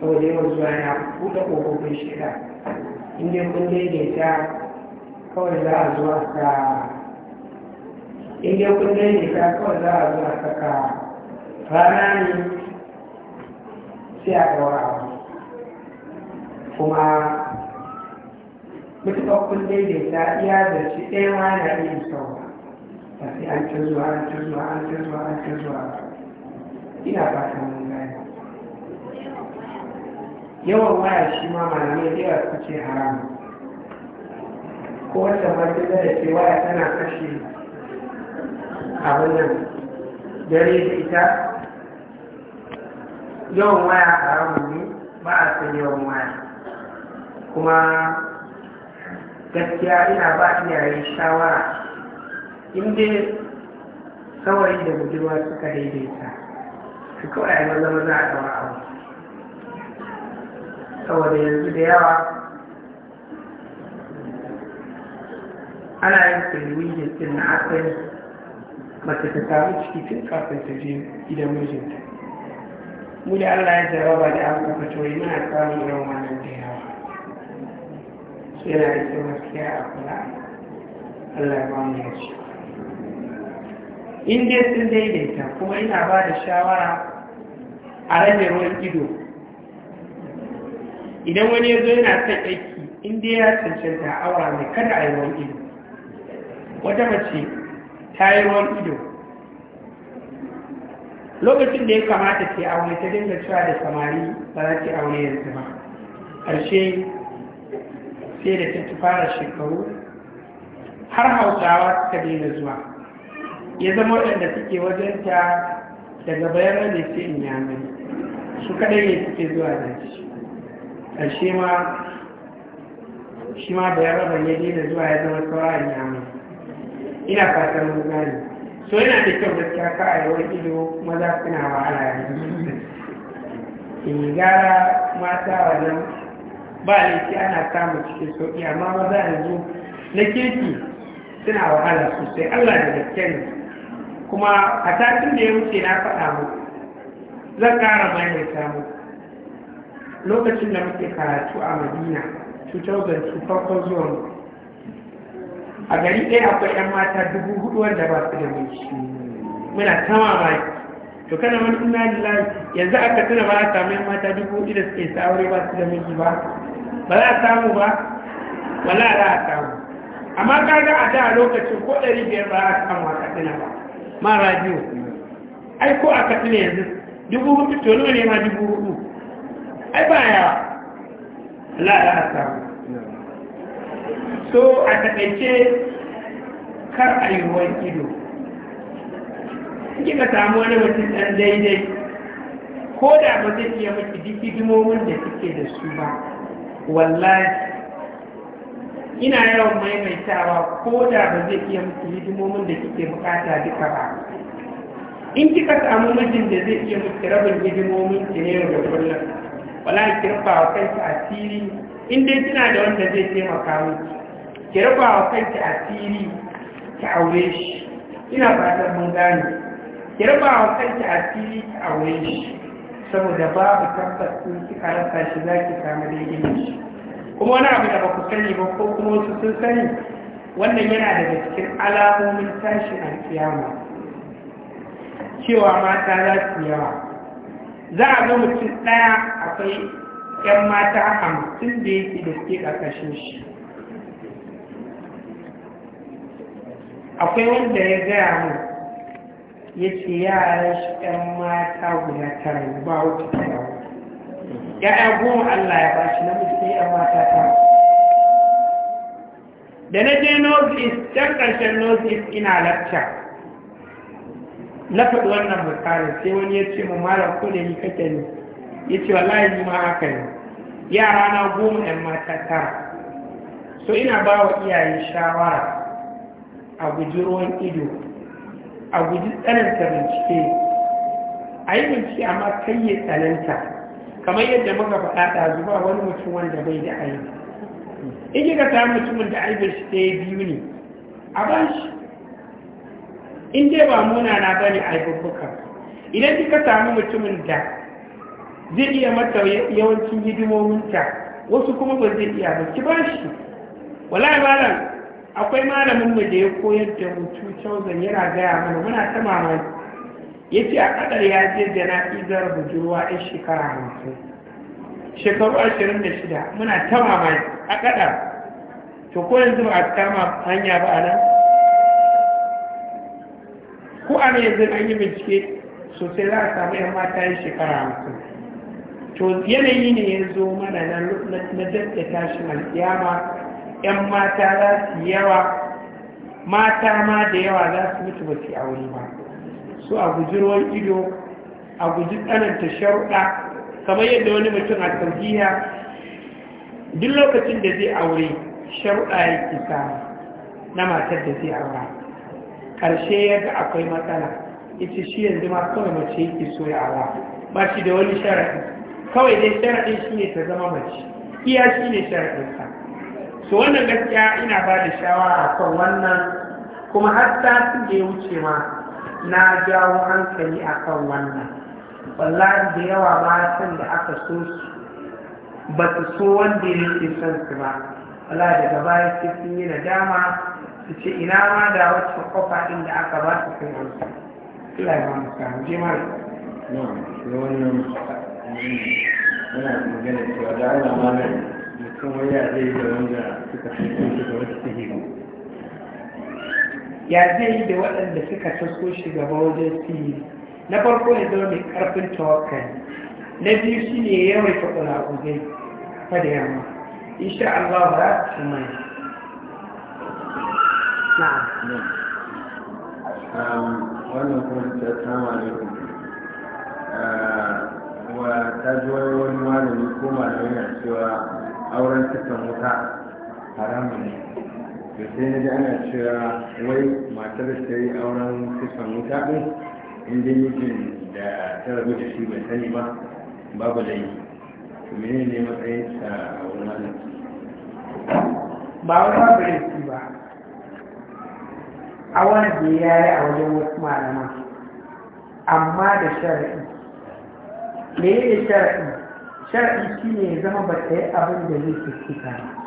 saboda yawan zuwa yana buɗe ƙofofin shida inda kun daidaita kawai za a zuwa ka inda kun daidaita kawai za a zuwa ka ka rana ne sai a ɗaura kuma mutuƙa kun daidaita iya da shi ɗaya ma na iya sauwa sai an ta an ta an ta an ta ina fatan mun gane yawan waya shi ma malamai da yawa suka ce haramu ko wanda ma duk da ke waya tana kashe abin nan dare da ita yawan waya haramu ne ba a san yawan waya kuma gaskiya ina ba iyaye shawara inda saurayi da budurwa suka daidaita su kawai a maza maza a ɗaura abu saboda yanzu da yawa ana yin tsirwiyar ɗin na asali mace ta samu ciki tun kafin ta je gidan mijinta mu da allah ya jaraba da an kafa tori muna samun irin wannan da yawa yana da kyau gaskiya a kula allah ya ba mu yaci in dai sun daidaita kuma ina ba da shawara a rage ruwan ido idan wani ya zo yana son aiki in dai ya cancanta aura mai kada a yi ruwan ido wata mace ta yi ruwan ido lokacin da ya kamata ke aure ta dinga cewa da samari ba za ta aure yanzu ba ƙarshe sai da ta fara shekaru har hausawa suka daina zuwa ya zama waɗanda suke wajenta daga bayan da sai in yamai su kaɗai ne suke zuwa da shi A ma shi ma bayan ban yadda daina zuwa ya zama saura in yamai ina fatan mun gani so yana da kyau ta ka a yawan ido maza suna wahala ne gara mata wajen ba laifi ana samu cikin sauƙi amma maza yanzu na kirki suna wahala sosai allah da gaske ne kuma a tatin da ya wuce na faɗa mu zan ƙara bayan maimaita mu lokacin da muke karatu a madina 2002 farkon zuwa mu a gari ɗaya akwai 'yan mata dubu hudu wanda ba su da mai muna ba mamaki to kana wani ina lai yanzu aka tuna ba a samu 'yan mata dubu hudu da suke sa aure ba su da miji ba ba za a samu ba wala za a samu amma kaga a da lokacin ko ɗari biyar ba a samu a katsina ba ma radio ai ko aka katsina yanzu dubu hudu to nawa ne ma dubu hudu ai ba ya la a so a taɗaice kar a yi ruwan ido kika samu wani mutum ɗan daidai ko da ba zai iya miki duk da kike da su ba wallahi ina yawan maimaitawa ko da ba zai iya mutu hidimomin da kike bukata duka ba in kika samu mijin da zai iya mutu rabin hidimomin ki ne da kullum wala ki rufa wa kanki asiri in dai kina da wanda zai taimaka miki ki rufa wa kanki asiri ki aure shi ina fatan mun gane ki rufa wa kanki asiri ki aure shi saboda babu tabbas in kika rasa shi zaki samu daidai shi kuma wani abu da ba ku sani ba ko kuma wasu sun sani wannan yana daga cikin alamomin a kiyama cewa mata za su yawa za a ga mutum ɗaya akwai 'yan mata hamsin da yake da suke ƙarƙashin shi akwai wanda ya gaya mu ya ce yaran shi 'yan mata guda tara ba ta tara ya'ya goma Allah ya ba shi namiji sai mata ta da na je north can ƙarshen north ina lakca. na faɗi wannan misalin sai wani ya ce mu malam ko da ni kake ne ya ce wallahi ni ma haka ne yara na goma ‘yan mata ta so ina ba wa iyaye shawara a guji ruwan ido a guji tsananta bincike a yi bincike amma kai ya tsananta kamar yadda muka faɗa da zuwa wani mutum wanda bai da aibi in kika ta mutumin da aibin shi ɗaya biyu ne a ba shi in dai ba Muna na ba ne aibubbuka idan kika samu mutumin da zai iya mata yawancin hidimominta wasu kuma ba zai iya ba ki ba shi wallahi malam akwai malamin mu da ya koyar da mu 2000 yana gaya mana muna ta mamaki ya ce a kadar ya je jana'izar budurwa ɗin shekara hamsin shekaru ashirin da shida muna ta mamaye a kadar to ko yanzu ba a kama hanya ba a nan ko a yanzu an yi bincike sosai za a samu yan mata yi shekara hamsin to yanayi ne ya zo mana na dadda tashin alkiyama yan mata za su yawa mata ma da yawa za su mutu ba su aure ba so a guji ruwan ido a guji tsananta sharuɗa kamar yadda wani mutum a tsarkiya duk lokacin da zai aure sharuɗa ke samu na matar da zai aura ƙarshe yadda akwai matsala ita shi yanzu ma kawai mace yake so ya aura ba shi da wani sharaɗi kawai dai sharaɗin shi ne ta zama mace iya shi ne sharaɗinsa so wannan gaskiya ina ba da shawara kan wannan kuma har ta su da ya wuce ma na jawo hankali kan wannan wallahi da yawa ba san da aka so su ba su so wanda ya ke son su ba wallahi daga baya sai sun yi nadama su ce ina ma da wacce kofa ɗin da aka ba su sun amsa Allah ya mamu sa je mara wannan yana magana cewa da Allah ma mutum waya zai yi da wanda suka fi suka wata sihiru ya zai yi da waɗanda suka taso shi wajen sihiri na farko ya zama mai ƙarfin tawakkali na biyu shi ne a ƙula'uzai ta da yamma insha Allah ba za su mai um, wannan kuma ta sama ne wa uh, ta ji wani malami ko malami na cewa auren cikin wuta haramun ne da sai na ji ana cewa wai matar da ta yi auren kusan wuta ɗin inda mijin da ta rabu da shi bai sani ba babu da yi to mene ne matsayin sa a wani wannan ba wani babu da ba a wani da ya yi a wajen wasu malama amma da shari'i me ne shari'i shari'i shine ya zama ba ta yi abin da zai fuskita ba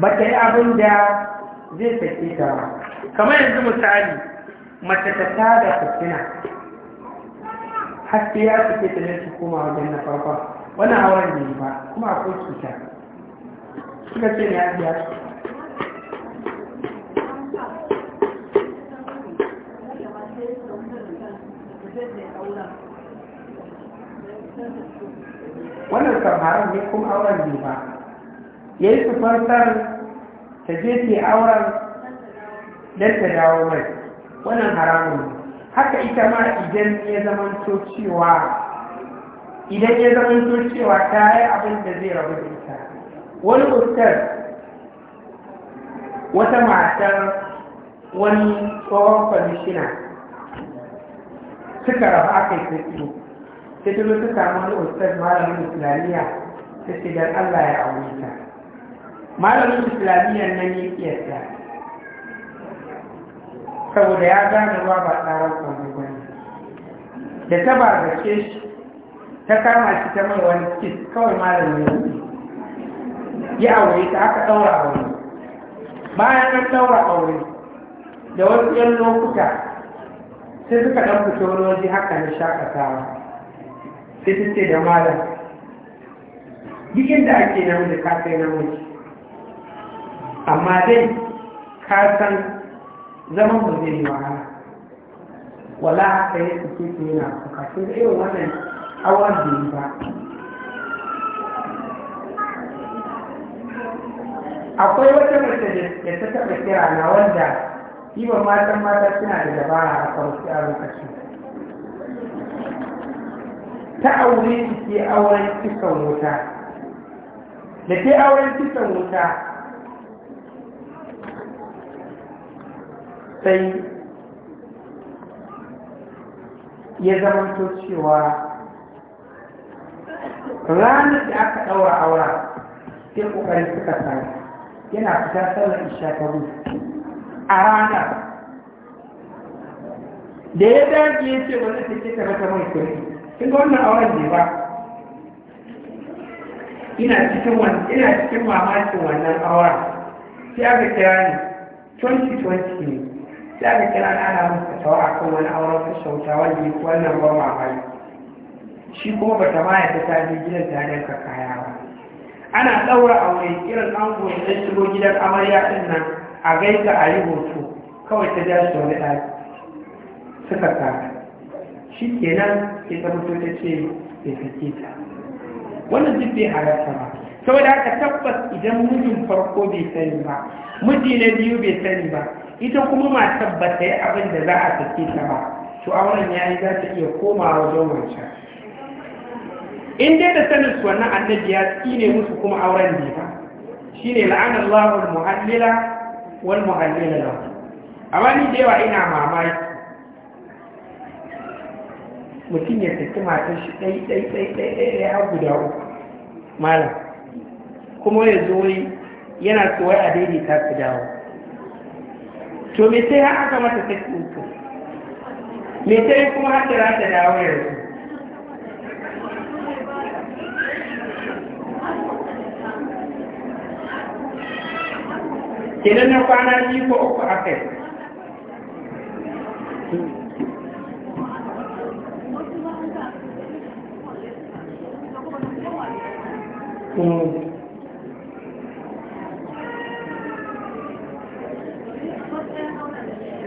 ba ta yi abin da zai tafi ta ba kamar yanzu misali mace ta tada fitina haske ya suke ta ne su koma wajen na farkon wani hawan ne ba kuma akwai cuta suka ce ne ya biya su wannan samarar ne kuma auren ne ba ya yi su fansar ta je ke auren don ta dawo mai wannan haramun haka ita ma idan ya zamanto cewa idan ya zamanto cewa ta yi abin da zai rabu da ita wani ustaz wata matar wani tsohon kwamishina suka rabu aka yi sai sai ta zo ta samu wani ustaz malamin islamiyya ta ce don allah ya aure ta malamin islamiyyar nan ya da saboda ya gane ruwa ba tsarar kwanu wani da ta ba gace shi ta kama shi ta mai wani kis kawai malamin ya Yi aure ta aka ɗaura aure bayan an ɗaura aure da wasu 'yan lokuta sai suka ɗan fito wani waje haka na shakatawa sai suke da malam duk da ake namiji ka na namiji amma dai ka san zaman ba zai yi wahala wala haka ya suke su yana kuka sun da irin wannan awar da yi ba akwai wata mace da ta taɓa kira na wanda iban matan mata suna da dabara a kawai a lokaci ta aure ke auren cikin wuta da ke auren cikin wuta sai ya zamanto cewa ranar da aka ɗaura aura sai ƙoƙarin suka sani yana fita sallar isha ta a ranar da ya dace ya ce wani take ta mai kuri sun ga wannan auren ne ba ina cikin ina cikin mamakin wannan auren sai aka kira ne 2020 ne sai aka kira da ana musu fatawa a kan wani auren sassauta wanda ya wannan ba mamaki shi kuma ba ta maya ta tafi gidan ta danka kaya ba ana ɗaura aure irin ango da shigo gidan amarya ɗin nan a gaisa a yi hoto kawai ta ja shi wani ɗaki suka kaka shi ke nan ke fito ta ce ya sake ta wannan duk bai halatta ba saboda haka tabbas idan mijin farko bai sani ba miji na biyu bai sani ba ita kuma ma ba ta abin da za a sake ta ba to auren ya yi za ta iya koma wajen wancan in dai da sanin su wannan annabi ya tsine musu kuma auren ne ba shine la'anar lahul muhallila wal muhallila la Amani da yawa ina mamaki mutum ya saki matar shi ɗai ɗai ɗai ɗai ɗai ɗai har guda uku malam kuma ya zo yana so wai a daidaita su dawo to me sai har aka mata saki uku me sai kuma har da ta dawo yanzu kenan na kwana biyu ko uku a kai Mm-hmm.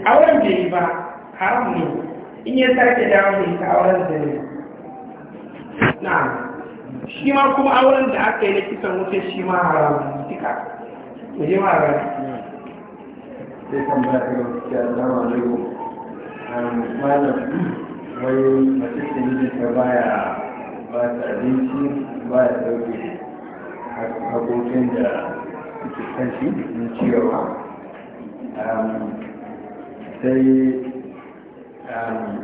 auren da yi ba haram ne in ya sake da ne ta auren da ne na shi ma kuma auren da aka yi na kisan wuce shi ma haram duka mu je ma haram sai kan ba ka ta zama alaikum malam wai mace ce ne ta baya ba ta abinci ba ya ɗauke hakokin da suke kan shi na ciyarwa sai um,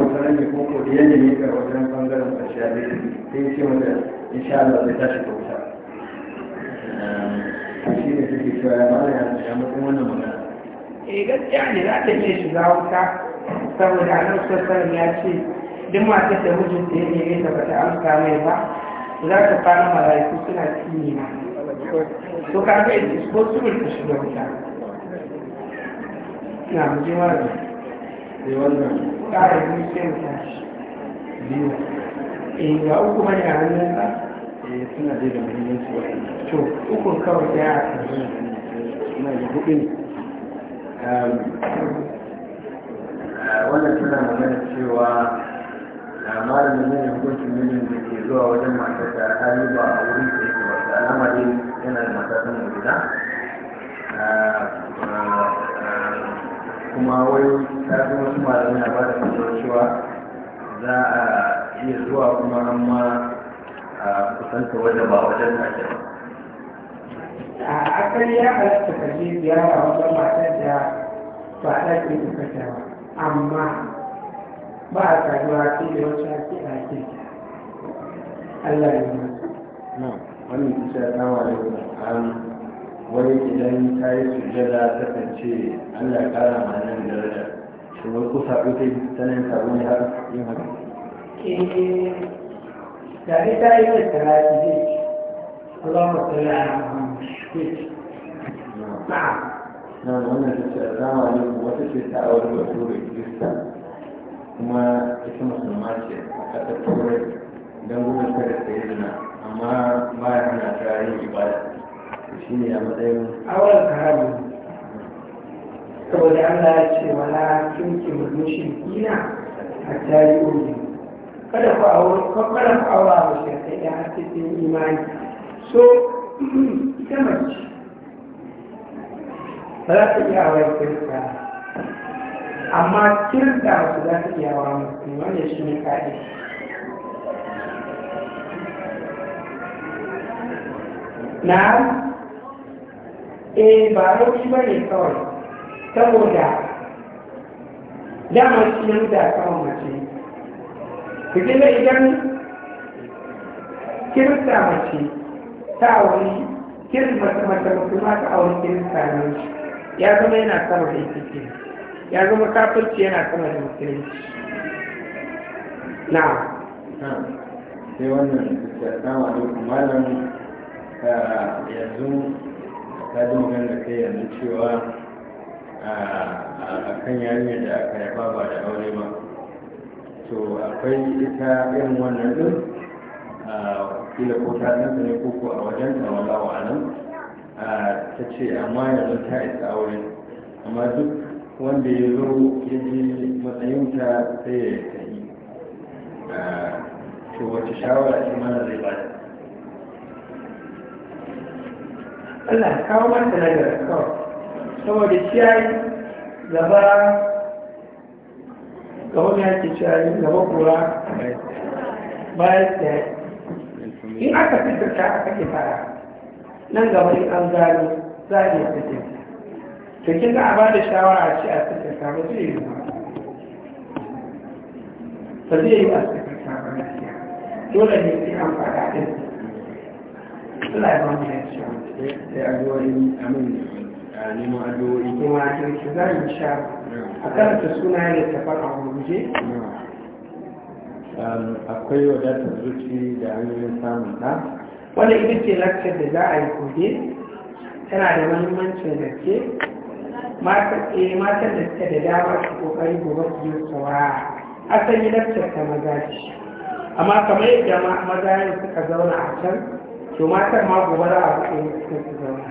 wata rage koko da yanayi ga wajen bangaren fashiyabi sai ce wanda insha Allah zai tashi kauta um, shi ne suke cewa ya mara ya mutum wannan magana eh gaskiya ne za ta iya shiga wuta saboda nan sassan ya ce duk masu da mijinta ya nemi da bata amsa mai ba za ta fara mala'iku suna tini na to kaga it's possible to shiga wuta na mujewa da da wannan ƙarin mutum ta biyu eh, ga uku bane a hannun ba eh suna dai da muhimmanci wa to ukun kawai da ya kasu suna da hudu ne wannan tana magana cewa labarin da zai hukuncin mijin da ke zuwa wajen matar da hali ba a wurin da yake wata yana da matar gida kuma wani kafin wasu malamai na ba da fasar cewa za a iya zuwa kuma an ma a kusanta wadda ba wajen ke ba a akwai ya halatta ka je ziyara wata matar da ba a ɗakin kuka ba amma ba a saduwa ce da wata ake ɗakin Allah ya yi wannan kisa ya kama da wani wai idan ta yi sujada ta kance allah ya kara mana da daraja shi wai kusa ita sanin sabo ne har yin haka eh, da ni ta yi da karatu ne Allahumma salli ala Muhammad na'am wannan ta ce assalamu alaikum wata ce ta aure turai, kirista shi ne a matsayin awal saboda Allah ya ce wala kinki mushrikina hatta yu'minu kada ku aure kada ku aure mushrikai da har sai imani so ita mace ba za ta iya aure kirka amma kirka ba za ta iya aure mutum wanda shi ne ka'ida نعم E, ba rauni ba ne kawai saboda damar ciyar da kawai mace kujina idan kirista mace ta auri kirin mace mace musulma ta auri kirista ne ya zama yana sama da ita ya zama kafirci yana sama da musulunci na sai wannan da eh, dama da malam eh, yanzu ta ji magana da kai yanzu cewa a kan yarinya da aka yaba ba da aure ba to akwai ita irin wannan din kila ko ta tsanta ne ko a wajen ta wala wa nan ta ce amma yanzu ta isa aure amma duk wanda ya zo ya ji ta sai ya yi to wace shawara ce mana zai bada Allah ka kawo mata gara kawai saboda ciyayi gaba ga wani yake ciyayi gaba kura bayan ciyayi in aka fitarta aka ke fara nan gaba in an gano za a iya fitarta to kin za a ba da shawara a ce a fitarta ba zai yi ba zai yi a fitarta ba dole ne sai an fara ɗin Allah ya ba mu sai addu'o'i amin a neman addu'o'i kuma kirki za mu sha a karanta suna ne ta fara guje um, akwai wadatar zuci da hanyoyin samun ɗa wanda ita ce lakcar da za a yi gobe tana da mahimmancin gaske matan eh, da suka da dama su kokari gobe su yi saurara asali lakcar ta maza ce amma kamar yadda maza ne suka zauna a can tumatar ma gobe za a buɗe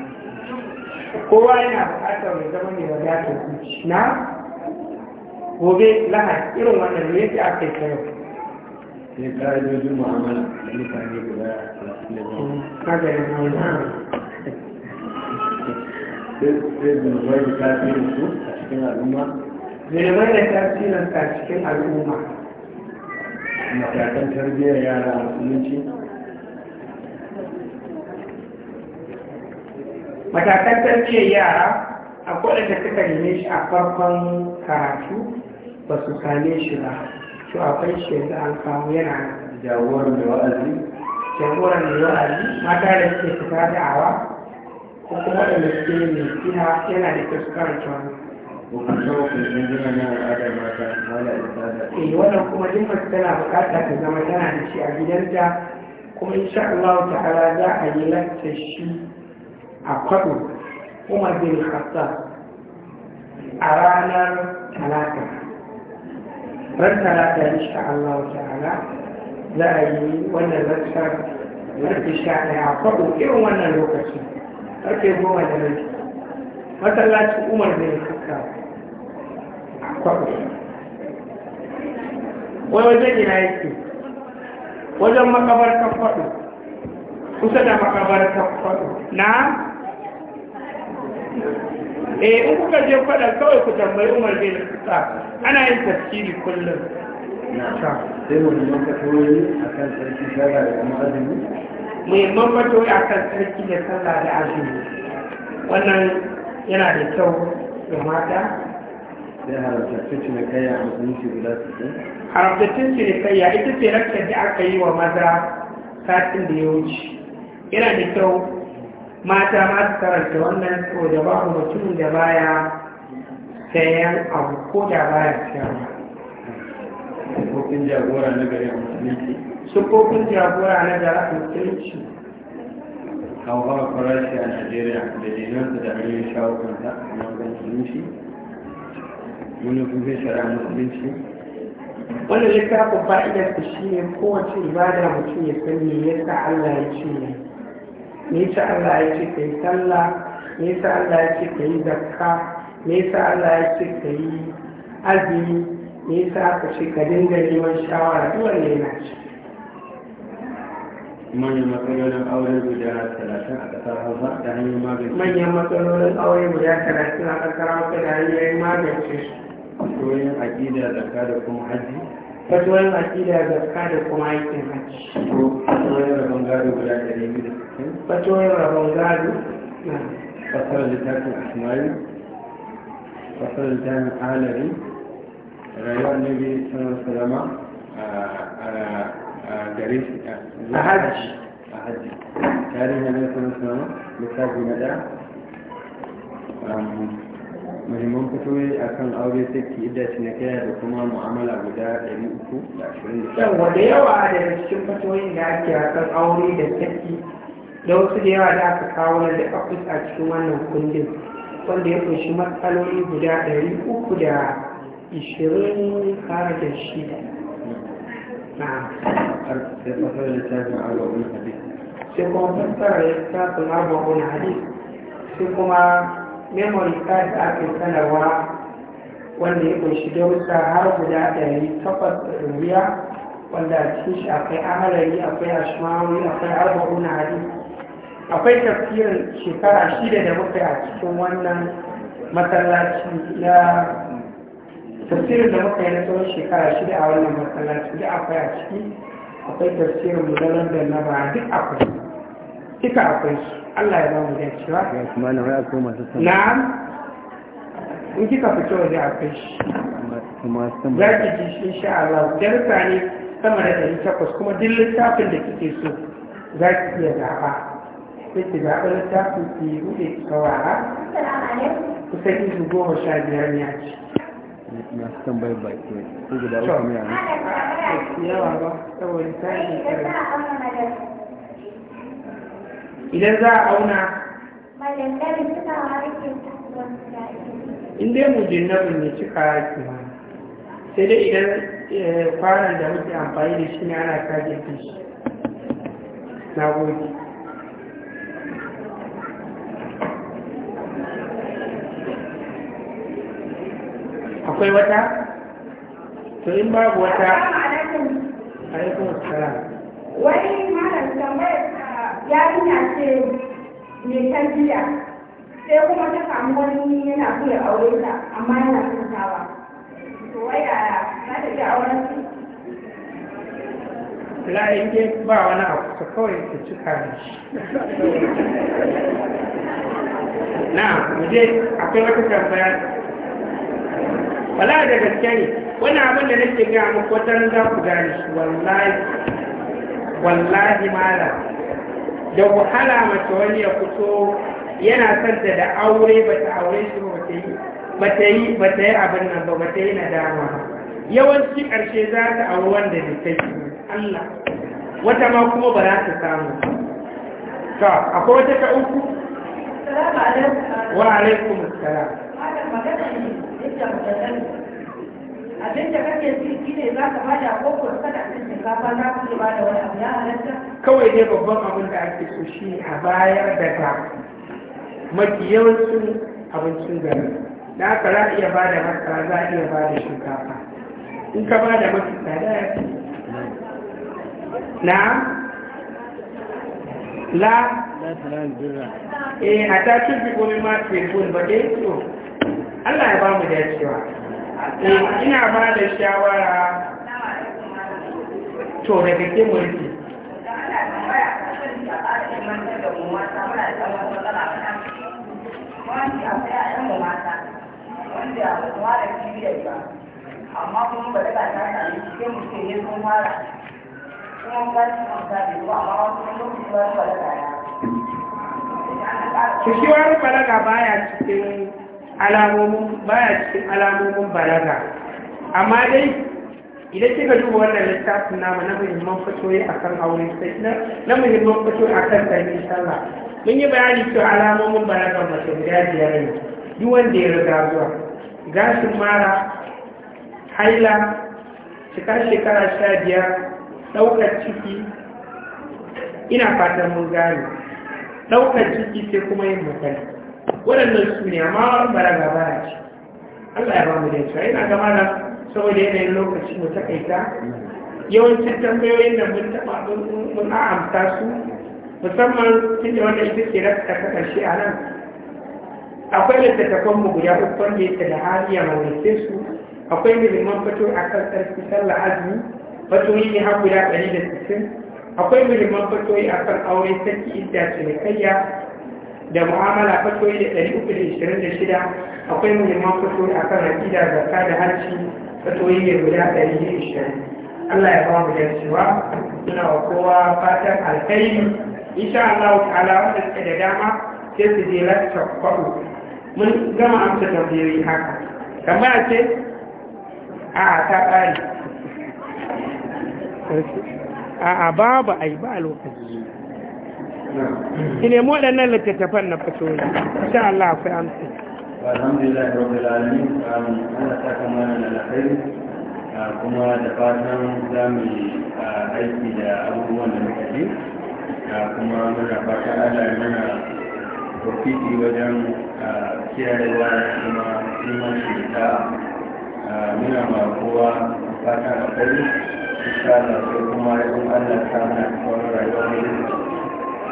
kowa yana buƙatar mai zama mai wadata na gobe lahar irin wannan ne yake aka yi kayo ne ƙa'idojin mu'amala da mutane guda da zama zunubai da tasirin su a cikin al'umma? zunubai da tasirin a cikin al'umma matakan tarbiyyar yara musulunci matakan tarbiyyar yara akwai da suka neme shi a farkon karatu ba su kame shi ba to akwai shi yanzu an kawo yana jagoran da wa'azi jagoran da wa'azi mata da suke fita da awa ko kuma da suke yin nasiha yana da kyau su wani eh, wannan kuma duk mace tana bukata ta zama tana da shi a gidanta kuma insha Allah ta'ala za a yi lantar shi a kwado umar bin khattab a ranar talata ran talata ya insha Allah ta'ala za a yi wannan rantsar rantsar sha ɗaya a kwado irin wannan lokacin ƙarfe goma da rai masallacin umar bin khattab a kwado wai wajen ina yake wajen makabartar kwado kusa da makabartar kwado na eh in kuka je faɗa kawai ku tambayi umar bin khattab ana yin tafsiri kullum sai mun mafatoyi a akan sarki sallah da kuma azumi muhimman mafatoyi a kan sarki da sallah da azumi wannan yana da kyau ga mata sai cikin cinikayya a shi guda su haramtattun cinikayya ita ce rakka da aka yi wa maza satin da ya wuce yana da kyau mata ma su karanta wannan saboda babu mutumin da baya sayan abu ko da baya sayarwa sufofin jagora na gari a musulunci sufofin jagora na gari a musulunci hawa farashi a najeriya da dinansa da hanyar shawo kanta a nan musulunci manufofin shara musulunci wannan littafin fa'idarsa shi ne kowace ibada mutum ya sani ya sa allah ya ce ne nisa Allah ya ce ka yi sallah nisa Allah ya ce ka yi zakka nisa Allah ya ce ka yi azumi nisa ka ce ka dinga neman shawara duk ne na ce. manyan matsalolin aure guda talatin a ƙasar hausa da hanyar magance manyan matsalolin aure guda talatin a ƙasar hausa da hanyar magance su koyon aƙida zakka da kuma hajji fatuwar aƙida zakka da kuma aikin hajji fatuwar rabon gado guda ɗari biyu da sittin fatuwar rabon gado fasar littafin ismail fasar littafin alari rayuwar nabi sanar salama a gare shi a hajji a hajji tarihin nabi sanar salama littafi na ɗaya muhimman fitoyi a kan aure saki idda cinikaya da kuma mu'amala guda da yawa da yawa daga cikin fitoyin da ake a kan aure da saki da wasu da yawa da aka kawo da akus a cikin wannan kundin wanda ya kunshi matsaloli guda 320 har da shida na sai fasarar littafin arba'un hadis sai kuma fasarar littafin arba'un hadis sai kuma memory card da aka sanarwa wanda ya kunshi darussa har guda ɗari takwas da ɗariya wanda a cikin shi akwai amalari akwai ashmawi akwai arba'u na hadis akwai tafsirin shekara shida da muka a cikin wannan masallaci na tafsirin da muka yi na tsawon shekara shida a wannan masallaci da akwai a ciki akwai tafsirin mudalar da na ba duk akwai duka akwai su Allah ya ba mu da cewa mana ya ko masu sama na'am in kika fito waje akwai shi kuma sama za ki ji shi insha Allah darsa ne sama da ɗari takwas kuma duk littafin da kike so za ki iya zaɓa sai ki zaɓa littafin ki ki izu goma sha biyar ne a ciki masu tambayar baki ne su guda uku ne a nan yawa ba saboda ta yi idan za a auna in dai mujannabin ne cika haƙi ma sai dai idan eh, kwanan da muke amfani da shi ne ana kage shi na gobe akwai wata to in babu wata a yi kuma wani mara tambayar yarinya ce mai tarbiyya sai kuma ta samu wani yana so ya aure ta amma yana kuntawa to wai yaya za ta iya auren su la'ayin ke ba wani abu ta kawai ta cika da shi na muje akwai wata tambaya wala da gaske ne wani abin da nake gaya muku wata za ku gane shi wallahi wallahi malam da wahala mace wani ya fito yana sanda da aure ba ta aure shi ba ta yi ba ta yi ba ta yi abin nan ba ba ta yi nadama yawanci ƙarshe za ta auri wanda da ta yi Allah wata ma kuma ba za ta samu to akwai wata ta uku wa alaikum assalam abin da kake ci shi ne za ka bada ko ko kada cin shinkafa za ka ba da wani abu ya halatta kawai dai babban abin da ake so shi ne a bayar da ta mafi yawancin abincin gari da aka za a iya ba da masara za a iya ba da shinkafa in ka ba da mafi tsada ya fi na la eh a tashin bi gomi ma telefon ba dai so Allah ya ba mu dacewa ina ba da shawara to daga ke mulki amma ya ya. balaga baya cikin alamomin baya cikin alamomin balaga amma dai idan kika duba wannan littafin nama, na muhimman fatoyi akan aure sai na muhimman fatoyi kan tsarin sallah mun yi bayani cewa alamomin balaga mace guda biyar ne duk wanda ya riga zuwa gashin mara haila cikar shekara sha biyar ɗaukar ciki ina fatan mun gane ɗaukar ciki sai kuma yin mutane waɗannan su ne amma balaga ba ya ce Allah ya ba mu da yana gama da saboda yanayin lokaci mu takaita yawancin tambayoyin da mun taɓa mun amsa su musamman tun da wanda ita ce rasa ta ƙarshe a nan akwai littattafan mu guda uku wanda yake da hali ya mawace su akwai muhimman fito a kan tsarki sallah azumi yi ne har guda ɗari da sittin akwai muhimman fatoyi a kan aure sarki idda kaiya. da mu'amala fatoyi da ɗari uku da ishirin da shida akwai muhimman fatoyi a kan hakida ka da harci fatoyi ne guda ɗari da ishirin Allah ya bamu da cewa suna wa kowa fatan alkhairi insha Allah ta'ala wanda suka da dama sai su je lasta kwaɗo mun gama amsa tambayoyi haka tambaya ce a ta ƙari a'a babu ai ba lokaci ki nemi waɗannan littattafan na fasoli insha Allah akwai amsa alhamdulillah rabbil alamin um, ana saka mana na alkhairi uh, kuma da fatan za mu uh, aiki da abubuwan da muka ji uh, kuma muna fatan Allah ya mana tofiki wajen kiyayewa kuma imanci da muna ma kowa fatan alkhairi insha Allah sai kuma ya Allah ta mana tsawon rayuwar mu